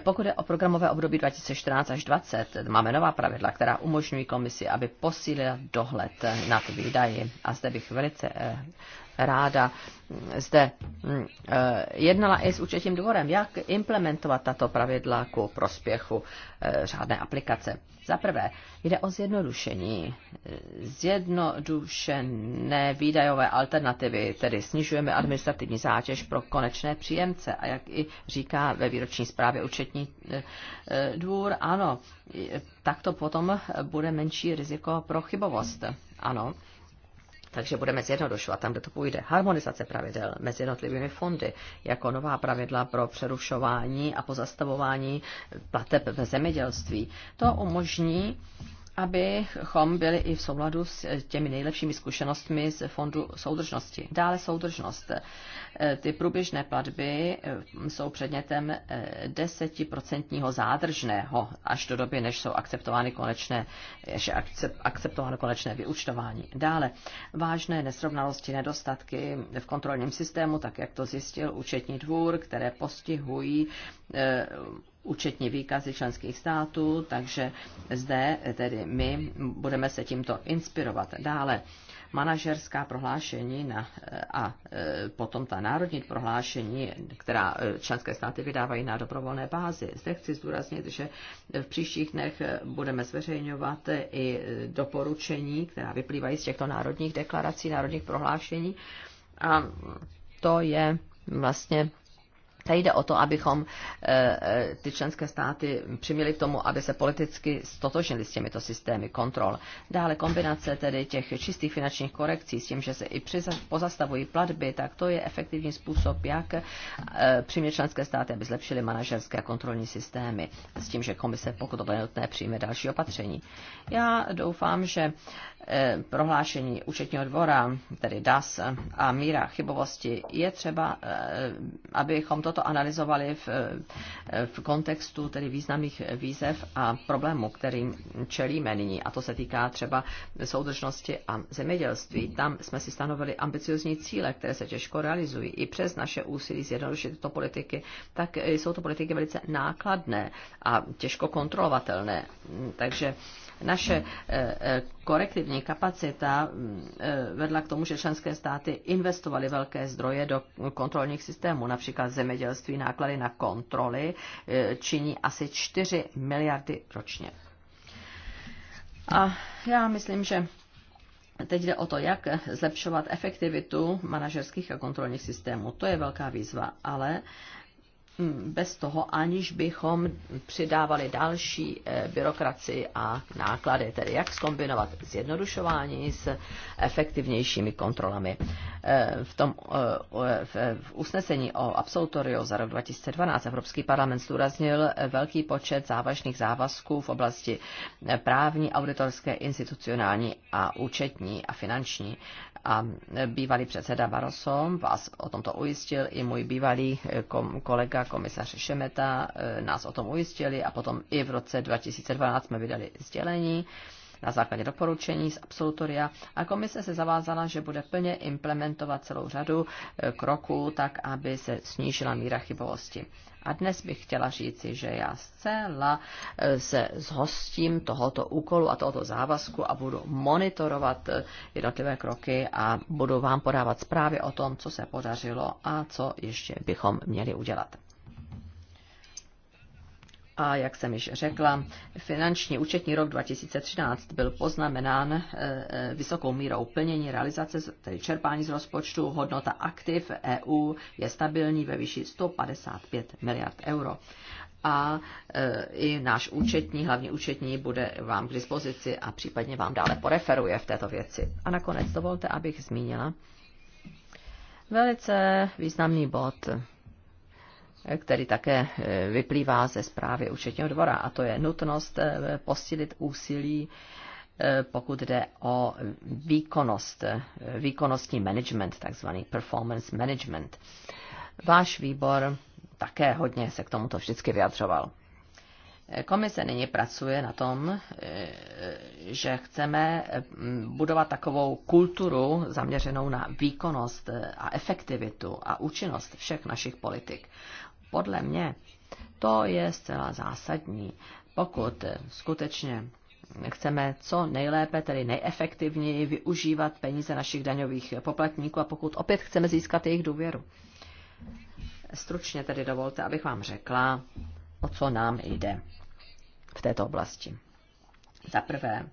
Pokud je o programové období 2014 až 2020, máme nová pravidla, která umožňují komisi, aby posílila dohled nad výdaji. A zde bych velice ráda zde mm, eh, jednala i s účetním dvorem, jak implementovat tato pravidla ku prospěchu eh, řádné aplikace. Za prvé, jde o zjednodušení. Eh, zjednodušené výdajové alternativy, tedy snižujeme administrativní zátěž pro konečné příjemce. A jak i říká ve výroční zprávě účetní dvůr, ano, tak to potom bude menší riziko pro chybovost. Ano. Takže budeme zjednodušovat tam, kde to půjde. Harmonizace pravidel mezi jednotlivými fondy, jako nová pravidla pro přerušování a pozastavování plateb ve zemědělství. To umožní abychom byli i v souladu s těmi nejlepšími zkušenostmi z fondu soudržnosti. Dále soudržnost. E, ty průběžné platby e, jsou předmětem e, desetiprocentního zádržného až do doby, než jsou akceptovány konečné, ještě akceptováno konečné vyučtování. Dále vážné nesrovnalosti, nedostatky v kontrolním systému, tak jak to zjistil účetní dvůr, které postihují účetní výkazy členských států, takže zde tedy my budeme se tímto inspirovat dále manažerská prohlášení na, a e, potom ta národní prohlášení, která e, členské státy vydávají na dobrovolné bázi. Zde chci zdůraznit, že v příštích dnech budeme zveřejňovat i doporučení, která vyplývají z těchto národních deklarací, národních prohlášení. A to je vlastně Tady jde o to, abychom eh, eh, ty členské státy přiměli k tomu, aby se politicky stotožnili s těmito systémy kontrol. Dále kombinace tedy těch čistých finančních korekcí s tím, že se i pozastavují platby, tak to je efektivní způsob, jak eh, přimět členské státy, aby zlepšili manažerské a kontrolní systémy s tím, že komise, pokud to bude nutné, přijme další opatření. Já doufám, že prohlášení účetního dvora, tedy DAS a míra chybovosti, je třeba, abychom to to analyzovali v, eh, v kontextu tedy významných výzev a problémů, kterým čelíme nyní. A to se týká třeba soudržnosti a zemědělství. Tam jsme si stanovili ambiciozní cíle, které se těžko realizují. I přes naše úsilí zjednodušit tyto politiky, tak eh, jsou to politiky velice nákladné a těžko kontrolovatelné. Mm, takže naše eh, eh, korektivní kapacita mm, eh, vedla k tomu, že členské státy investovaly velké zdroje do kontrolních systémů, například zemědělství, náklady na kontroly činí asi 4 miliardy ročně. A já myslím, že Teď jde o to, jak zlepšovat efektivitu manažerských a kontrolních systémů. To je velká výzva, ale Mm, bez toho, aniž bychom přidávali další eh, byrokracii a náklady, tedy jak skombinovat zjednodušování s efektivnějšími kontrolami. Eh, v, tom, eh, v usnesení o absolutoriu za rok 2012 Evropský parlament zdůraznil velký počet závažných závazků v oblasti právní, auditorské, institucionální a účetní a finanční a bývalý předseda Barroso vás o tomto ujistil, i můj bývalý eh, kom, kolega komisař Šemeta eh, nás o tom ujistili a potom i v roce 2012 jsme vydali sdělení, na základě doporučení z absolutoria a komise se zavázala, že bude plně implementovat celou řadu eh, kroků tak, aby se snížila míra chybovosti. A dnes bych chtěla říci, že já zcela eh, se zhostím tohoto úkolu a tohoto závazku a budu monitorovat eh, jednotlivé kroky a budu vám podávat zprávy o tom, co se podařilo a co ještě bychom měli udělat. A jak jsem již řekla, finanční účetní rok 2013 byl poznamenán eh, eh, vysokou mírou plnění realizace, tedy čerpání z rozpočtu. Hodnota aktiv EU je stabilní ve výši 155 miliard euro a eh, i náš účetní, hlavní účetní, bude vám k dispozici a případně vám dále poreferuje v této věci. A nakonec dovolte, abych zmínila velice významný bod který také eh, vyplývá ze zprávy účetního dvora, a to je nutnost eh, posílit úsilí eh, pokud jde o výkonnost, výkonnostní management, takzvaný performance management. Váš výbor také hodně se k tomuto vždycky vyjadřoval. Komise nyní pracuje na tom, že chceme mm, budovat takovou kulturu zaměřenou na výkonnost a efektivitu a účinnost všech našich politik podle mě to je zcela zásadní. Pokud skutečně chceme co nejlépe, tedy nejefektivněji využívat peníze našich daňových poplatníků a pokud opět chceme získat jejich důvěru. Stručně tedy dovolte, abych vám řekla, o co nám jde v této oblasti. Za prvé,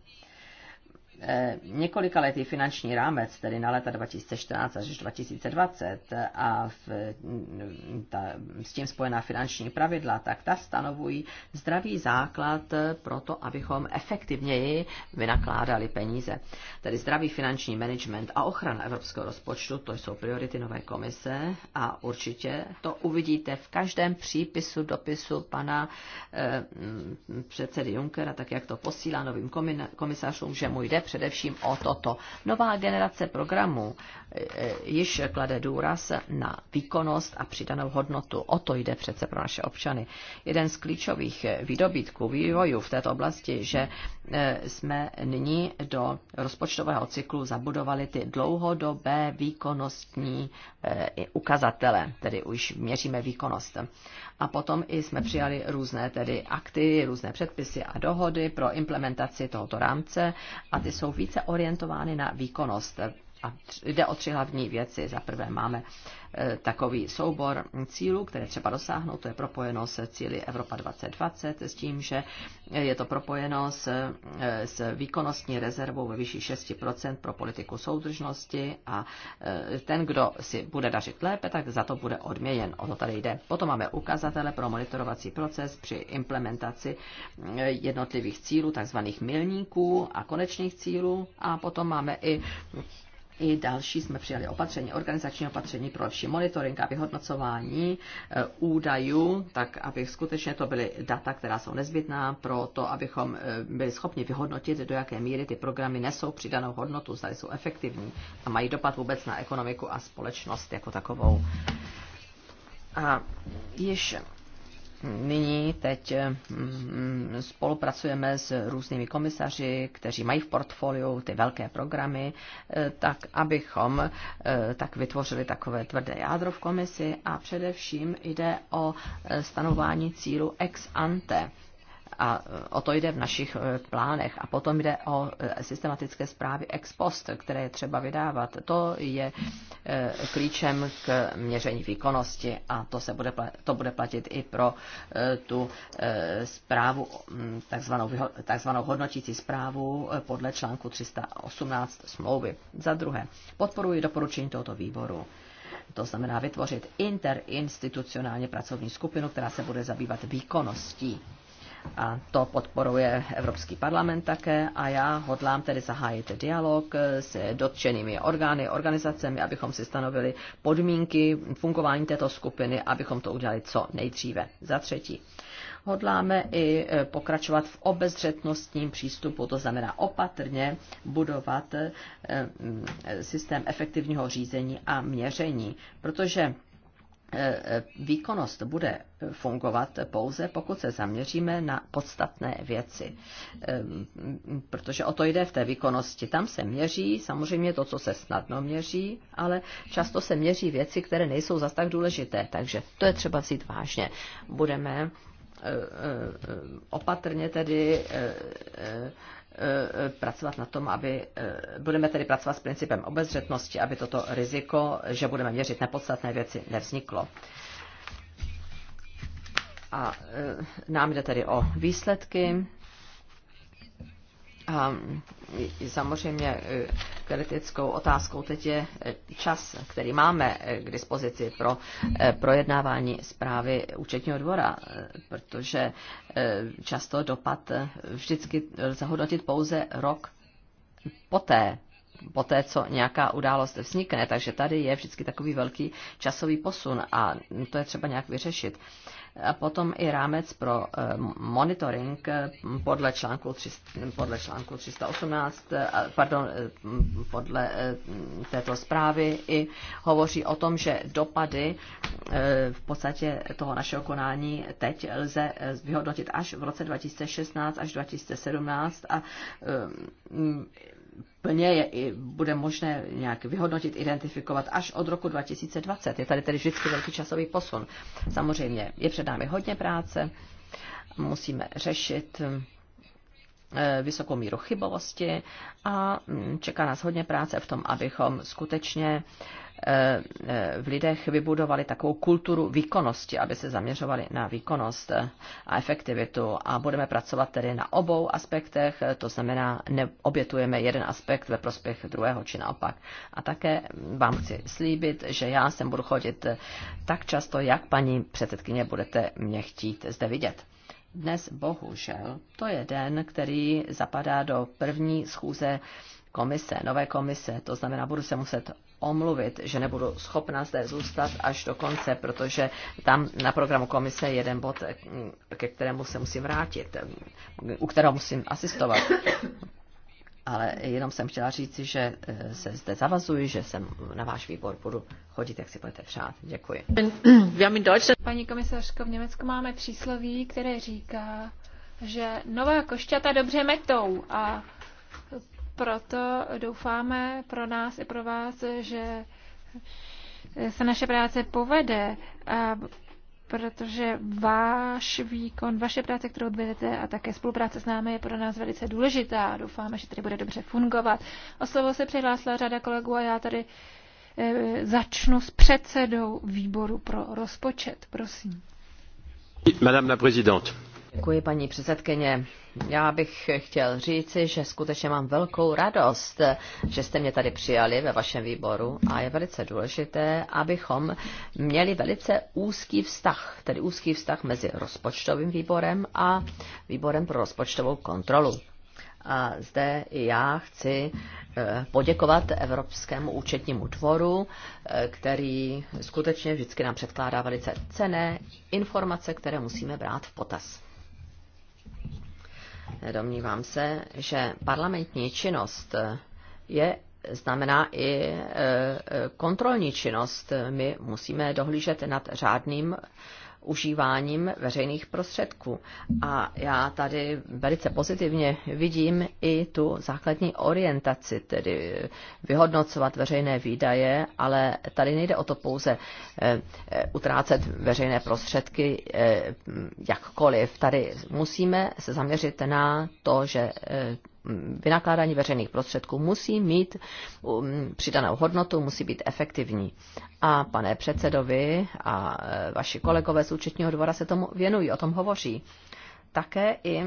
Eh, několika letý finanční rámec, tedy na leta 2014 až 2020 a v, mm, ta, s tím spojená finanční pravidla, tak ta stanovují zdravý základ pro to, abychom efektivněji vynakládali peníze. Tedy zdravý finanční management a ochrana evropského rozpočtu, to jsou priority nové komise a určitě to uvidíte v každém přípisu, dopisu pana eh, mm, předsedy Junckera, tak jak to posílá novým komisařům, že mu jde především o toto. Nová generace programů e, e, již klade důraz na výkonnost a přidanou hodnotu. O to jde přece pro naše občany. Jeden z klíčových výdobítků vývojů v této oblasti, že e, jsme nyní do rozpočtového cyklu zabudovali ty dlouhodobé výkonnostní ukazatele, tedy už měříme výkonnost. A potom i jsme přijali různé tedy akty, různé předpisy a dohody pro implementaci tohoto rámce a ty jsou více orientovány na výkonnost. A jde o tři hlavní věci. Za prvé máme e, takový soubor cílů, které třeba dosáhnout. To je propojeno s cíly Evropa 2020 s tím, že je to propojeno s, e, s výkonnostní rezervou ve výši 6% pro politiku soudržnosti a e, ten, kdo si bude dařit lépe, tak za to bude odměněn. O to tady jde. Potom máme ukazatele pro monitorovací proces při implementaci jednotlivých cílů, takzvaných milníků a konečných cílů a potom máme i i další jsme přijali opatření, organizační opatření pro lepší monitoring a vyhodnocování eh, údajů, tak aby skutečně to byly data, která jsou nezbytná pro to, abychom eh, byli schopni vyhodnotit, do jaké míry ty programy nesou přidanou hodnotu, zda jsou efektivní a mají dopad vůbec na ekonomiku a společnost jako takovou. A ještě nyní teď mm, spolupracujeme s různými komisaři, kteří mají v portfoliu ty velké programy, eh, tak abychom eh, tak vytvořili takové tvrdé jádro v komisi a především jde o eh, stanování cílu ex ante a o to jde v našich e, plánech. A potom jde o e, systematické zprávy ex post, které je třeba vydávat. To je e, klíčem k měření výkonnosti a to, se bude, to bude platit i pro tu zprávu, takzvanou, takzvanou hodnotící zprávu podle článku 318 smlouvy. Za druhé, podporuji doporučení tohoto výboru. To znamená vytvořit interinstitucionálně pracovní skupinu, která se bude zabývat výkonností a to podporuje Evropský parlament také a já hodlám tedy zahájit dialog s dotčenými orgány, organizacemi, abychom si stanovili podmínky fungování této skupiny, abychom to udělali co nejdříve. Za třetí hodláme i pokračovat v obezřetnostním přístupu, to znamená opatrně budovat eh, systém efektivního řízení a měření, protože E, e, výkonnost bude fungovat pouze, pokud se zaměříme na podstatné věci. E, protože o to jde v té výkonnosti. Tam se měří samozřejmě to, co se snadno měří, ale často se měří věci, které nejsou zas tak důležité. Takže to je třeba vzít vážně. Budeme opatrně tedy Eh, pracovat na tom, aby eh, budeme tedy pracovat s principem obezřetnosti, aby toto riziko, že budeme měřit nepodstatné věci, nevzniklo. A eh, nám jde tedy o výsledky a samozřejmě e, kritickou otázkou teď je e, čas, který máme e, k dispozici pro projednávání zprávy účetního dvora, protože často dopad vždycky lze hodnotit pouze rok poté, po té, co nějaká událost vznikne. Takže tady je vždycky takový velký časový posun a to je třeba nějak vyřešit. A potom i rámec pro eh, monitoring eh, podle článku, 300, podle článku 318, eh, pardon, podle této zprávy i hovoří o tom, že dopady v podstatě toho našeho konání teď lze vyhodnotit až v roce 2016 až 2017 a plně je, i bude možné nějak vyhodnotit, identifikovat až od roku 2020. Je tady tedy vždycky velký časový posun. Samozřejmě je před námi hodně práce, musíme řešit eh, vysokou míru chybovosti a mm, čeká nás hodně práce v tom, abychom skutečně uh, Eh, eh, v lidech vybudovali takovou kulturu výkonnosti, aby se zaměřovali na výkonnost eh, a efektivitu. A budeme pracovat tedy na obou aspektech, to znamená, neobětujeme jeden aspekt ve prospěch druhého či naopak. A také vám chci slíbit, že já sem budu chodit tak často, jak paní předsedkyně budete mě chtít zde vidět. Dnes bohužel to je den, který zapadá do první schůze komise, nové komise, to znamená, budu se muset omluvit, že nebudu schopna zde zůstat až do konce, protože tam na programu komise je jeden bod, ke kterému se musím vrátit, u kterého musím asistovat. Ale jenom jsem chtěla říci, že eh, se zde zavazuji, že jsem na váš výbor budu chodit, jak si budete přát. Děkuji. Paní komisařko, v Německu máme přísloví, které říká, že nová košťata dobře metou a proto doufáme pro nás i pro vás, že se naše práce povede, a protože váš výkon, vaše práce, kterou odvedete a také spolupráce s námi je pro nás velice důležitá. Doufáme, že tady bude dobře fungovat. O slovo se přihlásila řada kolegů a já tady eh, začnu s předsedou výboru pro rozpočet. Prosím. Madame la présidente. Děkuji, paní předsedkyně. Já bych chtěl říci, že skutečně mám velkou radost, že jste mě tady přijali ve vašem výboru a je velice důležité, abychom měli velice úzký vztah, tedy úzký vztah mezi rozpočtovým výborem a výborem pro rozpočtovou kontrolu. A zde i já chci eh, poděkovat Evropskému účetnímu dvoru, eh, který skutečně vždycky nám předkládá velice cené informace, které musíme brát v potaz domnívám se, že parlamentní činnost je znamená i e, e, kontrolní činnost. My musíme dohlížet nad řádným užíváním veřejných prostředků. A já tady velice pozitivně vidím i tu základní orientaci, tedy vyhodnocovat veřejné výdaje, ale tady nejde o to pouze eh, eh, utrácet veřejné prostředky eh, jakkoliv. Tady musíme se zaměřit na to, že vynakládání veřejných prostředků musí mít um, přidanou hodnotu, musí být efektivní. A pane předsedovi a e, vaši kolegové z účetního dvora se tomu věnují, o tom hovoří. Také i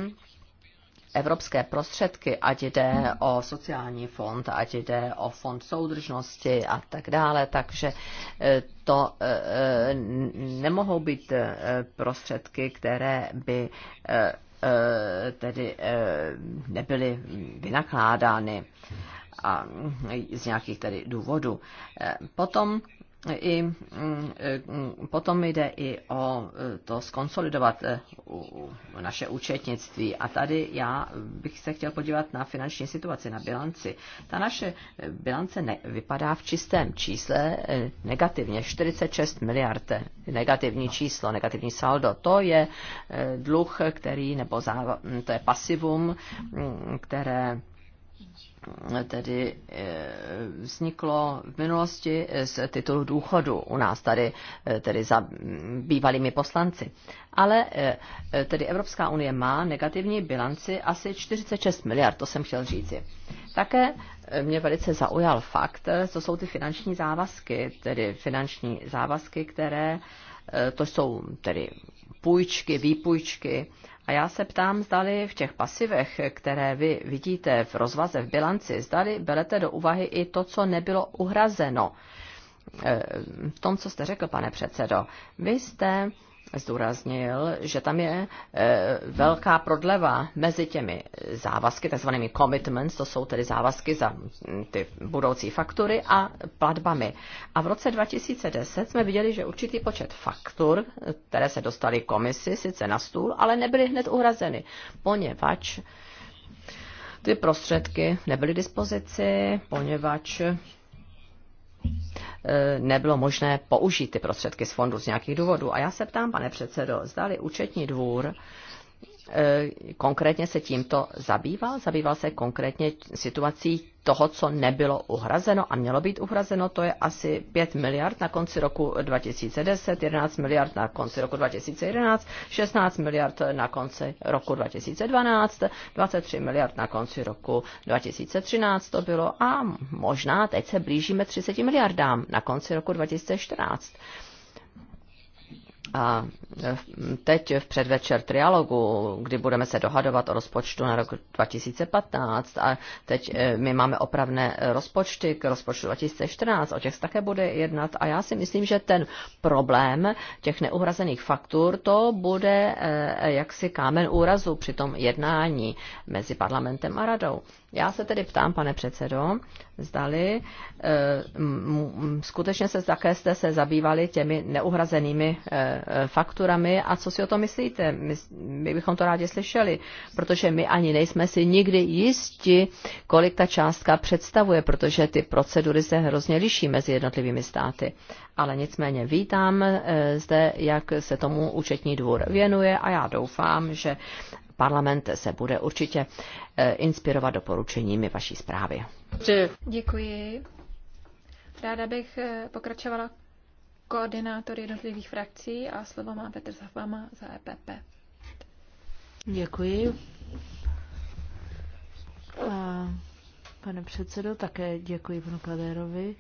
evropské prostředky, ať jde o sociální fond, ať jde o fond soudržnosti a tak dále, takže e, to e, nemohou být prostředky, které by Eh, tedy eh, nebyly vynakládány a z nějakých tedy důvodů. Eh, potom i mm, e, potom jde i o e, to skonsolidovat e, naše účetnictví. A tady já bych se chtěl podívat na finanční situaci, na bilanci. Ta naše bilance ne, vypadá v čistém čísle negativně. 46 miliard negativní číslo, negativní saldo. To je dluh, který, nebo to je pasivum, které tedy eh, vzniklo v minulosti z titulu důchodu u nás tady, eh, tedy za bývalými poslanci. Ale eh, tedy Evropská unie má negativní bilanci asi 46 miliard, to jsem chtěl říci. Také mě velice zaujal fakt, co jsou ty finanční závazky, tedy finanční závazky, které to jsou tedy půjčky, výpůjčky a já se ptám, zdali v těch pasivech, které vy vidíte v rozvaze v bilanci, zdali berete do úvahy i to, co nebylo uhrazeno. E, v tom, co jste řekl, pane předsedo, vy jste zdůraznil, že tam je eh, velká prodleva mezi těmi závazky, takzvanými commitments, to jsou tedy závazky za hm, ty budoucí faktury a platbami. A v roce 2010 jsme viděli, že určitý počet faktur, které se dostaly komisi, sice na stůl, ale nebyly hned uhrazeny, poněvadž ty prostředky nebyly dispozici, poněvadž Eh, nebylo možné použít ty prostředky z fondu z nějakých důvodů. A já se ptám, pane předsedo, zdali účetní dvůr E, konkrétně se tímto zabýval? Zabýval se konkrétně situací toho, co nebylo uhrazeno a mělo být uhrazeno, to je asi 5 miliard na konci roku 2010, 11 miliard na konci roku 2011, 16 miliard na konci roku 2012, 23 miliard na konci roku 2013 to bylo a možná teď se blížíme 30 miliardám na konci roku 2014. A teď v předvečer trialogu, kdy budeme se dohadovat o rozpočtu na rok 2015 a teď eh, my máme opravné rozpočty k rozpočtu 2014, o těch se také bude jednat a já si myslím, že ten problém těch neuhrazených faktur, to bude eh, jaksi kámen úrazu při tom jednání mezi parlamentem a radou. Já se tedy ptám, pane předsedo, zdali eh, skutečně se také jste se zabývali těmi neuhrazenými eh, eh, fakturami a co si o to myslíte? My, my bychom to rádi slyšeli, protože my ani nejsme si nikdy jisti, kolik ta částka představuje, protože ty procedury se hrozně liší mezi jednotlivými státy. Ale nicméně vítám zde, jak se tomu účetní dvůr věnuje a já doufám, že parlament se bude určitě eh, inspirovat doporučeními vaší zprávy. Děkuji. Ráda bych eh, pokračovala koordinátor jednotlivých frakcí a slovo má Petr Zafama za EPP. Děkuji. A pane předsedo, také děkuji panu Kaderovi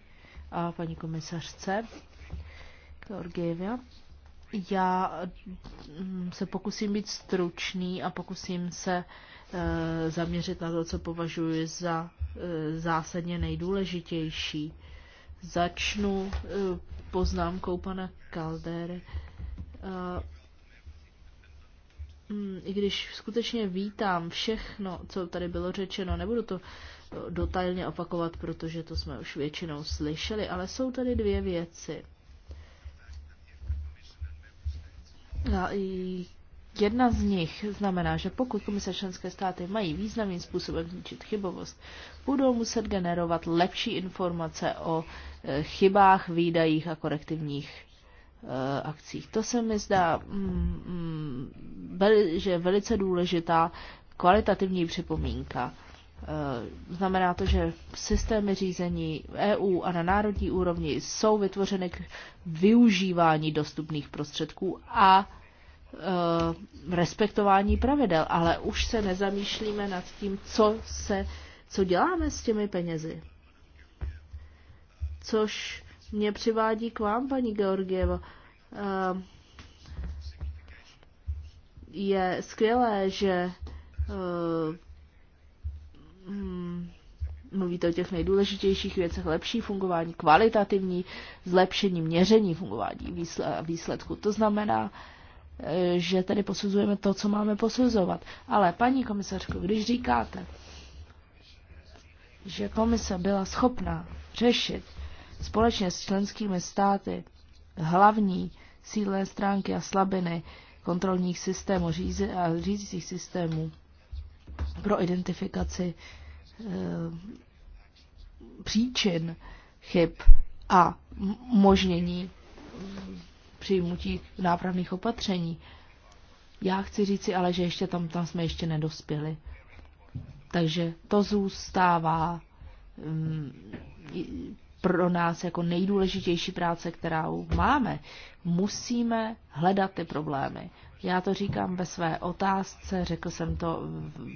a paní komisařce Georgieva. Já mm, se pokusím být stručný a pokusím se eh, zaměřit na to, co považuji za eh, zásadně nejdůležitější. Začnu eh, poznámkou pana kalder. Mm, I když skutečně vítám všechno, co tady bylo řečeno, nebudu to detailně opakovat, protože to jsme už většinou slyšeli, ale jsou tady dvě věci Jedna z nich znamená, že pokud komise členské státy mají významným způsobem zničit chybovost, budou muset generovat lepší informace o e, chybách, výdajích a korektivních e, akcích. To se mi zdá, mm, mm, že je velice důležitá kvalitativní připomínka. E, znamená to, že systémy řízení EU a na národní úrovni jsou vytvořeny k využívání dostupných prostředků a Eh, respektování pravidel, ale už se nezamýšlíme nad tím, co se, co děláme s těmi penězi. Což mě přivádí k vám, paní Georgieva. Eh, je skvělé, že eh, hm, mluvíte o těch nejdůležitějších věcech, lepší fungování, kvalitativní zlepšení, měření fungování výsledku. To znamená, že tedy posuzujeme to, co máme posuzovat. Ale paní komisařko, když říkáte, že komise byla schopná řešit společně s členskými státy hlavní sídlé stránky a slabiny kontrolních systémů řízi, a řízících systémů pro identifikaci e, příčin chyb a možnění přijmutí nápravných opatření. Já chci říci ale, že ještě tam, tam jsme ještě nedospěli. Takže to zůstává um, pro nás jako nejdůležitější práce, kterou máme. Musíme hledat ty problémy. Já to říkám ve své otázce, řekl jsem to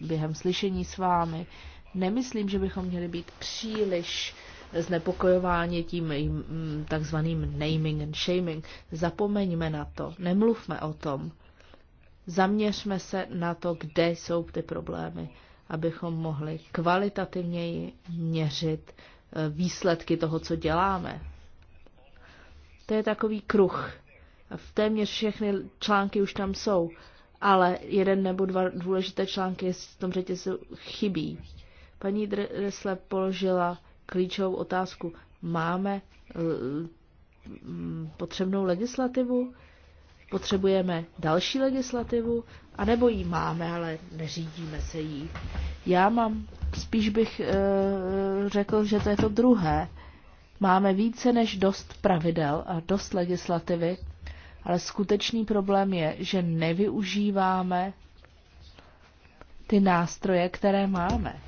během slyšení s vámi. Nemyslím, že bychom měli být příliš znepokojováni tím mm, takzvaným naming and shaming. Zapomeňme na to, nemluvme o tom. Zaměřme se na to, kde jsou ty problémy, abychom mohli kvalitativněji měřit eh, výsledky toho, co děláme. To je takový kruh. V téměř všechny články už tam jsou, ale jeden nebo dva důležité články v tom řetězu chybí. Paní Dresle položila klíčovou otázku. Máme eh, mm, potřebnou legislativu? Potřebujeme další legislativu? A nebo ji máme, ale neřídíme se jí? Já mám, spíš bych eh, řekl, že to je to druhé. Máme více než dost pravidel a dost legislativy, ale skutečný problém je, že nevyužíváme ty nástroje, které máme.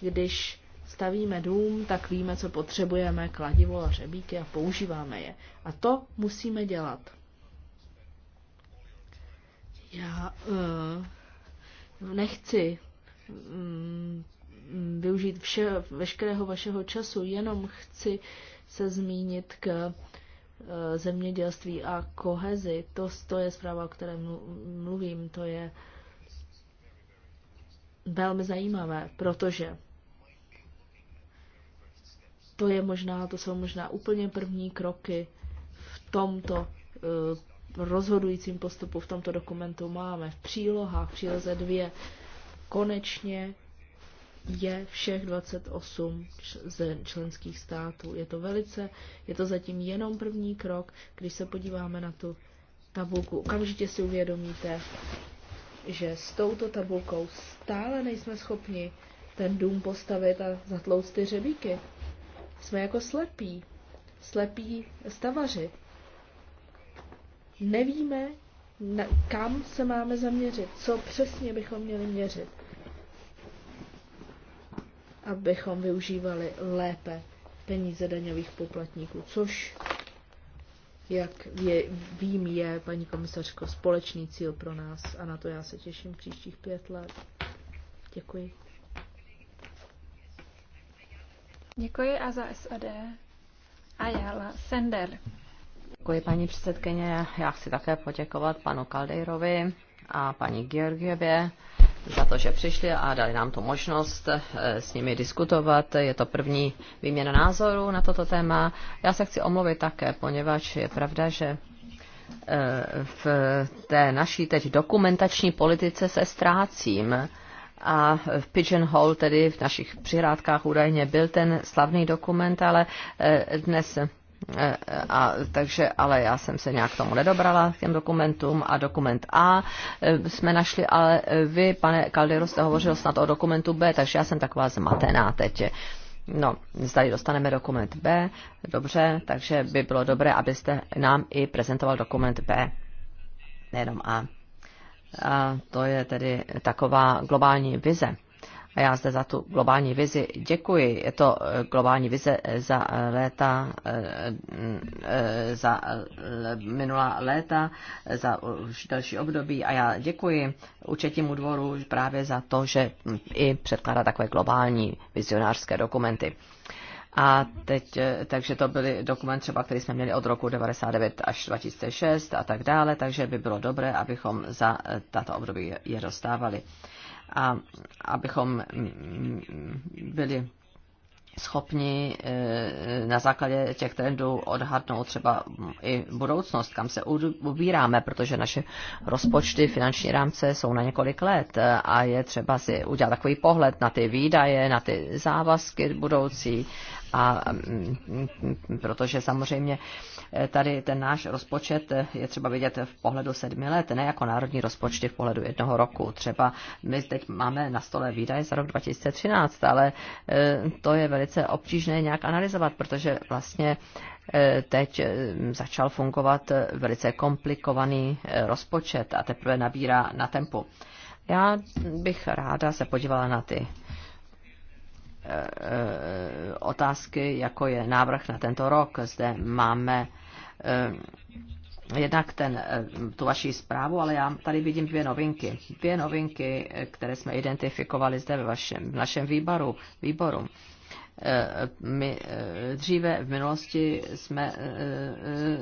Když stavíme dům, tak víme, co potřebujeme, kladivo a řebíky a používáme je. A to musíme dělat. Já uh, nechci um, využít vše, veškerého vašeho času, jenom chci se zmínit k uh, zemědělství a kohezi. To, to je zpráva, o které mluvím, to je velmi zajímavé, protože to je možná, to jsou možná úplně první kroky v tomto eh, rozhodujícím postupu v tomto dokumentu máme v přílohách, v příloze dvě, Konečně je všech 28 ze členských států. Je to velice, je to zatím jenom první krok, když se podíváme na tu tabulku. Okamžitě si uvědomíte, že s touto tabulkou stále nejsme schopni ten dům postavit a zatlouct ty řebíky. Jsme jako slepí, slepí stavaři. Nevíme, na, kam se máme zaměřit, co přesně bychom měli měřit, abychom využívali lépe peníze daňových poplatníků, což, jak je, vím, je, paní komisařko, společný cíl pro nás a na to já se těším příštích pět let. Děkuji. Děkuji a za SAD Ayala Sender. Děkuji, paní předsedkyně. Já chci také poděkovat panu Kaldejrovi a paní Georgievě za to, že přišli a dali nám tu možnost eh, s nimi diskutovat. Je to první výměna názorů na toto téma. Já se chci omluvit také, poněvadž je pravda, že eh, v té naší teď dokumentační politice se ztrácím a v Pigeonhole, tedy v našich přihrádkách údajně byl ten slavný dokument, ale eh, dnes eh, a, takže, ale já jsem se nějak tomu nedobrala, k těm dokumentům a dokument A eh, jsme našli, ale vy, pane Kaldero, jste hovořil snad o dokumentu B, takže já jsem taková zmatená teď. No, zdali dostaneme dokument B, dobře, takže by bylo dobré, abyste nám i prezentoval dokument B, nejenom A. A to je tedy taková globální vize. A já zde za tu globální vizi děkuji. Je to eh, globální vize eh, za léta, eh, za minulá léta, za už další období a já děkuji účetnímu dvoru právě za to, že i předkládá takové globální vizionářské dokumenty. A teď, e, takže to byly dokument třeba, který jsme měli od roku 99 až 2006 a tak dále, takže by bylo dobré, abychom za e, tato období je dostávali. A abychom byli schopni e, na základě těch trendů odhadnout třeba i budoucnost, kam se ubíráme, protože naše rozpočty, finanční rámce jsou na několik let a je třeba si udělat takový pohled na ty výdaje, na ty závazky budoucí a mm, mm, protože samozřejmě eh, tady ten náš rozpočet eh, je třeba vidět v pohledu sedmi let, ne jako národní rozpočty v pohledu jednoho roku. Třeba my teď máme na stole výdaje za rok 2013, ale eh, to je velice obtížné nějak analyzovat, protože vlastně teď začal fungovat velice komplikovaný rozpočet a teprve nabírá na tempu. Já bych ráda se podívala na ty Eh, eh, otázky, jako je návrh na tento rok. Zde máme eh, jednak ten, tu vaši zprávu, ale já tady vidím dvě novinky. Dvě novinky, které jsme identifikovali zde v, vašem, v našem výboru, výboru. My dříve v minulosti jsme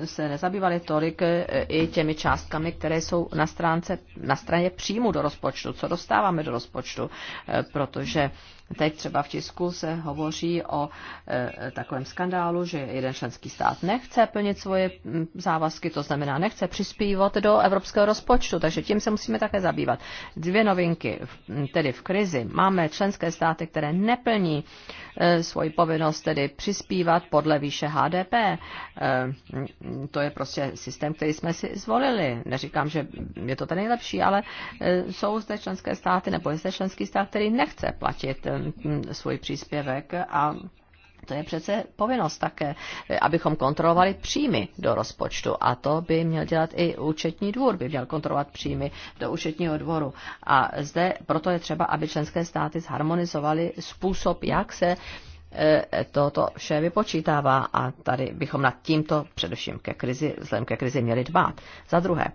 se nezabývali tolik i těmi částkami, které jsou na, stránce, na straně příjmu do rozpočtu, co dostáváme do rozpočtu, protože Teď třeba v tisku se hovoří o e, takovém skandálu, že jeden členský stát nechce plnit svoje závazky, to znamená nechce přispívat do evropského rozpočtu, takže tím se musíme také zabývat. Dvě novinky, tedy v krizi. Máme členské státy, které neplní e, svoji povinnost, tedy přispívat podle výše HDP. E, to je prostě systém, který jsme si zvolili. Neříkám, že je to ten nejlepší, ale e, jsou zde členské státy, nebo je zde členský stát, který nechce platit e, Eh, svůj příspěvek a to je přece povinnost také, abychom kontrolovali příjmy do rozpočtu. A to by měl dělat i účetní dvůr, by měl kontrolovat příjmy do účetního dvoru. A zde proto je třeba, aby členské státy zharmonizovaly způsob, jak se eh, toto vše vypočítává a tady bychom nad tímto především ke krizi, vzhledem ke krizi měli dbát. Za druhé,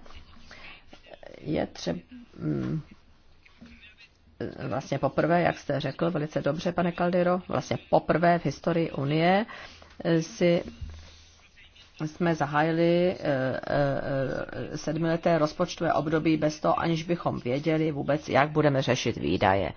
je třeba mm, vlastně poprvé, jak jste řekl velice dobře, pane Caldero, vlastně poprvé v historii Unie si jsme zahájili eh, eh, sedmileté rozpočtové období bez toho, aniž bychom věděli vůbec, jak budeme řešit výdaje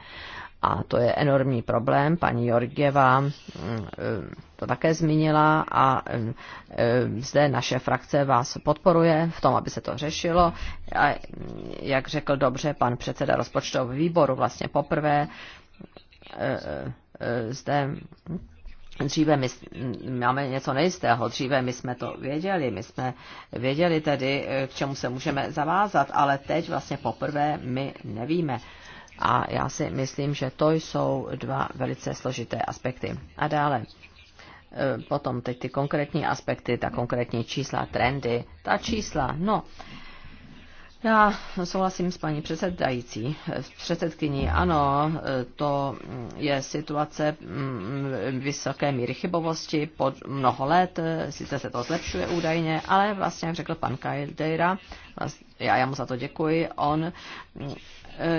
a to je enormní problém. Paní Jorgieva mm, eh, to také zmínila a mm, eh, zde naše frakce vás podporuje v tom, aby se to řešilo. A mm, jak řekl dobře pan předseda rozpočtového výboru, vlastně poprvé eh, zde Dříve my máme něco nejistého, dříve my jsme to věděli, my jsme věděli tedy, k čemu se můžeme zavázat, ale teď vlastně poprvé my nevíme. A já si myslím, že to jsou dva velice složité aspekty. A dále, e, potom teď ty konkrétní aspekty, ta konkrétní čísla, trendy, ta čísla, no, já souhlasím s paní předsedající, předsedkyní. Ano, to je situace mm, vysoké míry chybovosti po mnoho let, sice se to zlepšuje údajně, ale vlastně, jak řekl pan Kajdejra, já, já mu za to děkuji, on mm,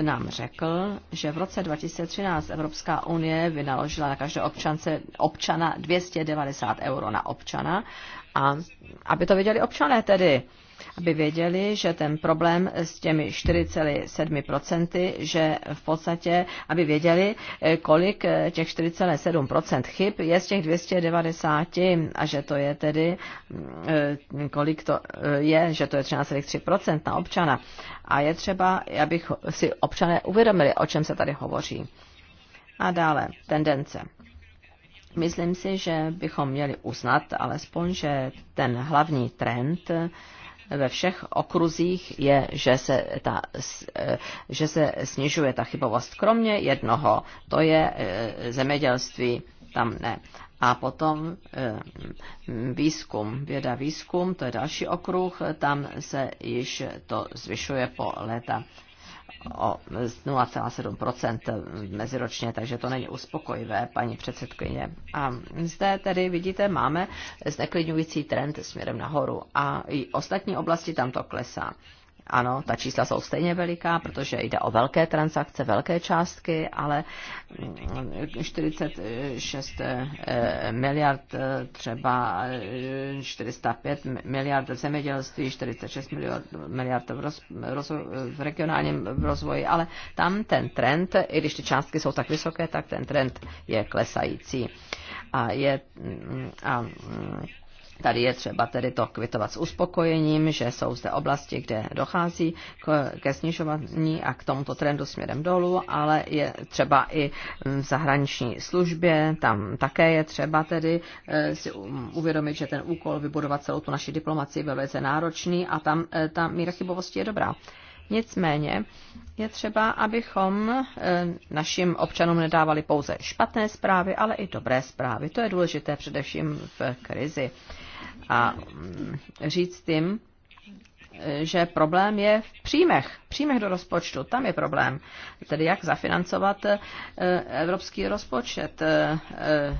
nám řekl, že v roce 2013 Evropská unie vynaložila na každé občance, občana 290 euro na občana, a aby to viděli občané tedy, aby věděli, že ten problém s těmi 4,7%, že v podstatě, aby věděli, eh, kolik eh, těch 4,7% chyb je z těch 290 a že to je tedy, mm, eh, kolik to je, že to je 13,3% na občana. A je třeba, abych si občané uvědomili, o čem se tady hovoří. A dále, tendence. Myslím si, že bychom měli uznat alespoň, že ten hlavní trend ve všech okruzích je, že se, ta, že se snižuje ta chybovost, kromě jednoho, to je e, zemědělství, tam ne. A potom e, výzkum, věda výzkum, to je další okruh, tam se již to zvyšuje po léta o 0,7 meziročně, takže to není uspokojivé, paní předsedkyně. A zde tedy, vidíte, máme zneklidňující trend směrem nahoru a i ostatní oblasti tam to klesá. Ano, ta čísla jsou stejně veliká, protože jde o velké transakce, velké částky, ale 46 mm, eh, miliard eh, třeba 405 eh, miliard v zemědělství, 46 miliard, miliard v, roz, roz, v regionálním rozvoji, ale tam ten trend, i když ty částky jsou tak vysoké, tak ten trend je klesající. A je mm, a, mm, Tady je třeba tedy to kvitovat s uspokojením, že jsou zde oblasti, kde dochází ke snižování a k tomuto trendu směrem dolů, ale je třeba i v zahraniční službě, tam také je třeba tedy eh, si uvědomit, že ten úkol vybudovat celou tu naši diplomaci je velice náročný a tam eh, ta míra chybovosti je dobrá. Nicméně je třeba, abychom eh, našim občanům nedávali pouze špatné zprávy, ale i dobré zprávy. To je důležité především v krizi a mm, říct jim, že problém je v příjmech, příjmech do rozpočtu, tam je problém. Tedy jak zafinancovat eh, evropský rozpočet eh, eh,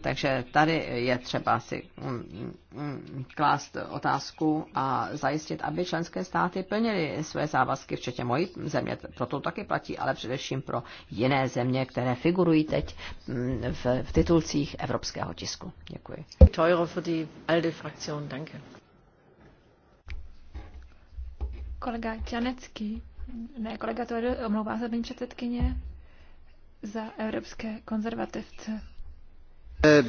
takže tady je třeba si mm, mm, klást otázku a zajistit, aby členské státy plnily své závazky, včetně mojí země. Pro to taky platí, ale především pro jiné země, které figurují teď mm, v, v titulcích evropského tisku. Děkuji. Teure für die ALDE Fraktion, danke. Kolega Čanecký, ne, kolega Teurer, omlouvá se paní předsedkyně za evropské konzervativce.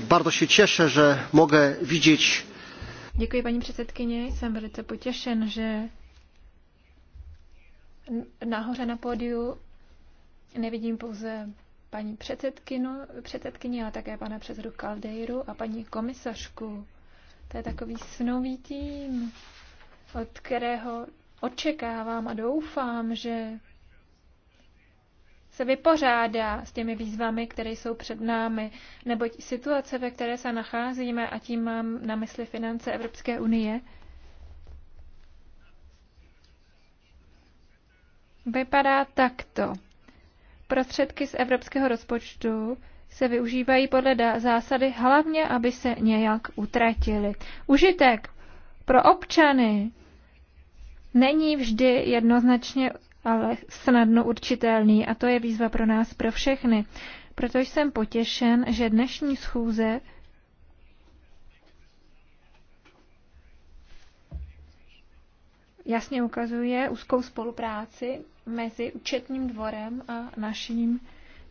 Bardzo się cieszę, že mogę vidět. Děkuji, paní předsedkyně. Jsem velice potěšen, že nahoře na pódiu nevidím pouze paní předsedkynu, předsedkyni, ale také pana předsedu Kaldejru a paní komisařku. To je takový snový tým, od kterého očekávám a doufám, že se vypořádá s těmi výzvami, které jsou před námi, neboť situace, ve které se nacházíme, a tím mám na mysli finance Evropské unie, vypadá takto. Prostředky z evropského rozpočtu se využívají podle zásady hlavně, aby se nějak utratili. Užitek pro občany není vždy jednoznačně ale snadno určitelný. A to je výzva pro nás, pro všechny. Proto jsem potěšen, že dnešní schůze jasně ukazuje úzkou spolupráci mezi účetním dvorem a naším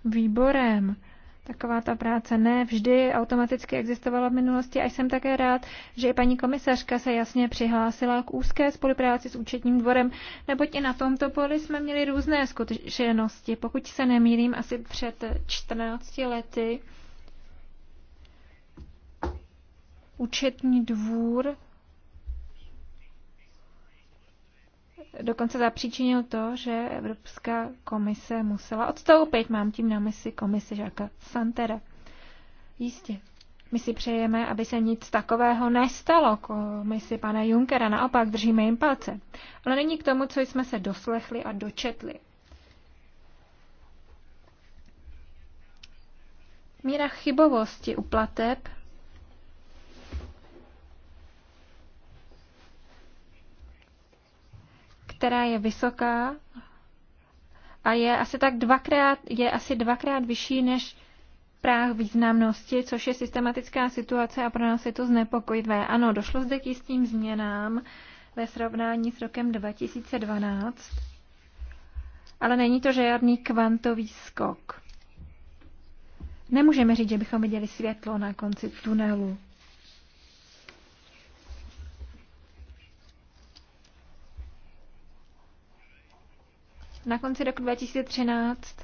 výborem. Taková ta práce ne vždy automaticky existovala v minulosti a jsem také rád, že i paní komisařka se jasně přihlásila k úzké spolupráci s účetním dvorem, neboť i na tomto poli jsme měli různé zkušenosti. Pokud se nemýlím, asi před 14 lety účetní dvůr dokonce zapříčinil to, že Evropská komise musela odstoupit. Mám tím na mysli komise Žáka Santera. Jistě. My si přejeme, aby se nic takového nestalo. My si pana Junkera naopak držíme jim palce. Ale není k tomu, co jsme se doslechli a dočetli. Míra chybovosti u plateb která je vysoká a je asi tak dvakrát, je asi dvakrát vyšší než práh významnosti, což je systematická situace a pro nás je to znepokojivé. Ano, došlo zde k jistým změnám ve srovnání s rokem 2012, ale není to žádný kvantový skok. Nemůžeme říct, že bychom viděli světlo na konci tunelu. Na konci roku 2013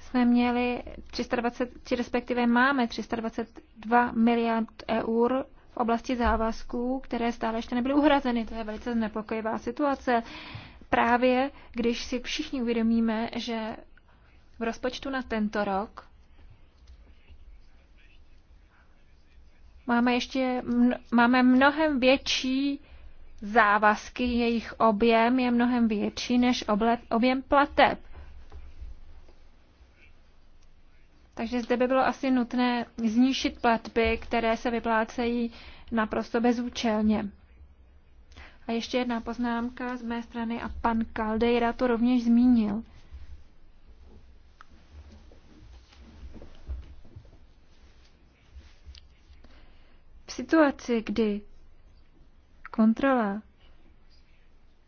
jsme měli 320, či respektive máme 322 miliard eur v oblasti závazků, které stále ještě nebyly uhrazeny. To je velice znepokojivá situace. Právě když si všichni uvědomíme, že v rozpočtu na tento rok máme ještě máme mnohem větší závazky, jejich objem je mnohem větší než objem plateb. Takže zde by bylo asi nutné znížit platby, které se vyplácejí naprosto bezúčelně. A ještě jedna poznámka z mé strany a pan Caldeira to rovněž zmínil. V situaci, kdy Kontrola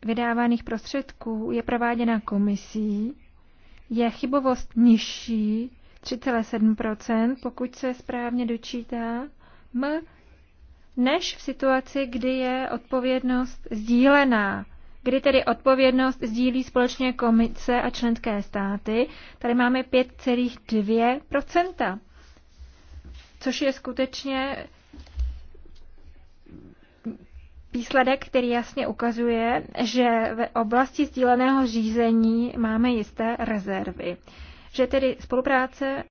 vydávaných prostředků je prováděna komisí, je chybovost nižší 3,7%, pokud se správně dočítá, m, než v situaci, kdy je odpovědnost sdílená, kdy tedy odpovědnost sdílí společně komice a členské státy. Tady máme 5,2%, což je skutečně výsledek, který jasně ukazuje, že v oblasti sdíleného řízení máme jisté rezervy. Že tedy spolupráce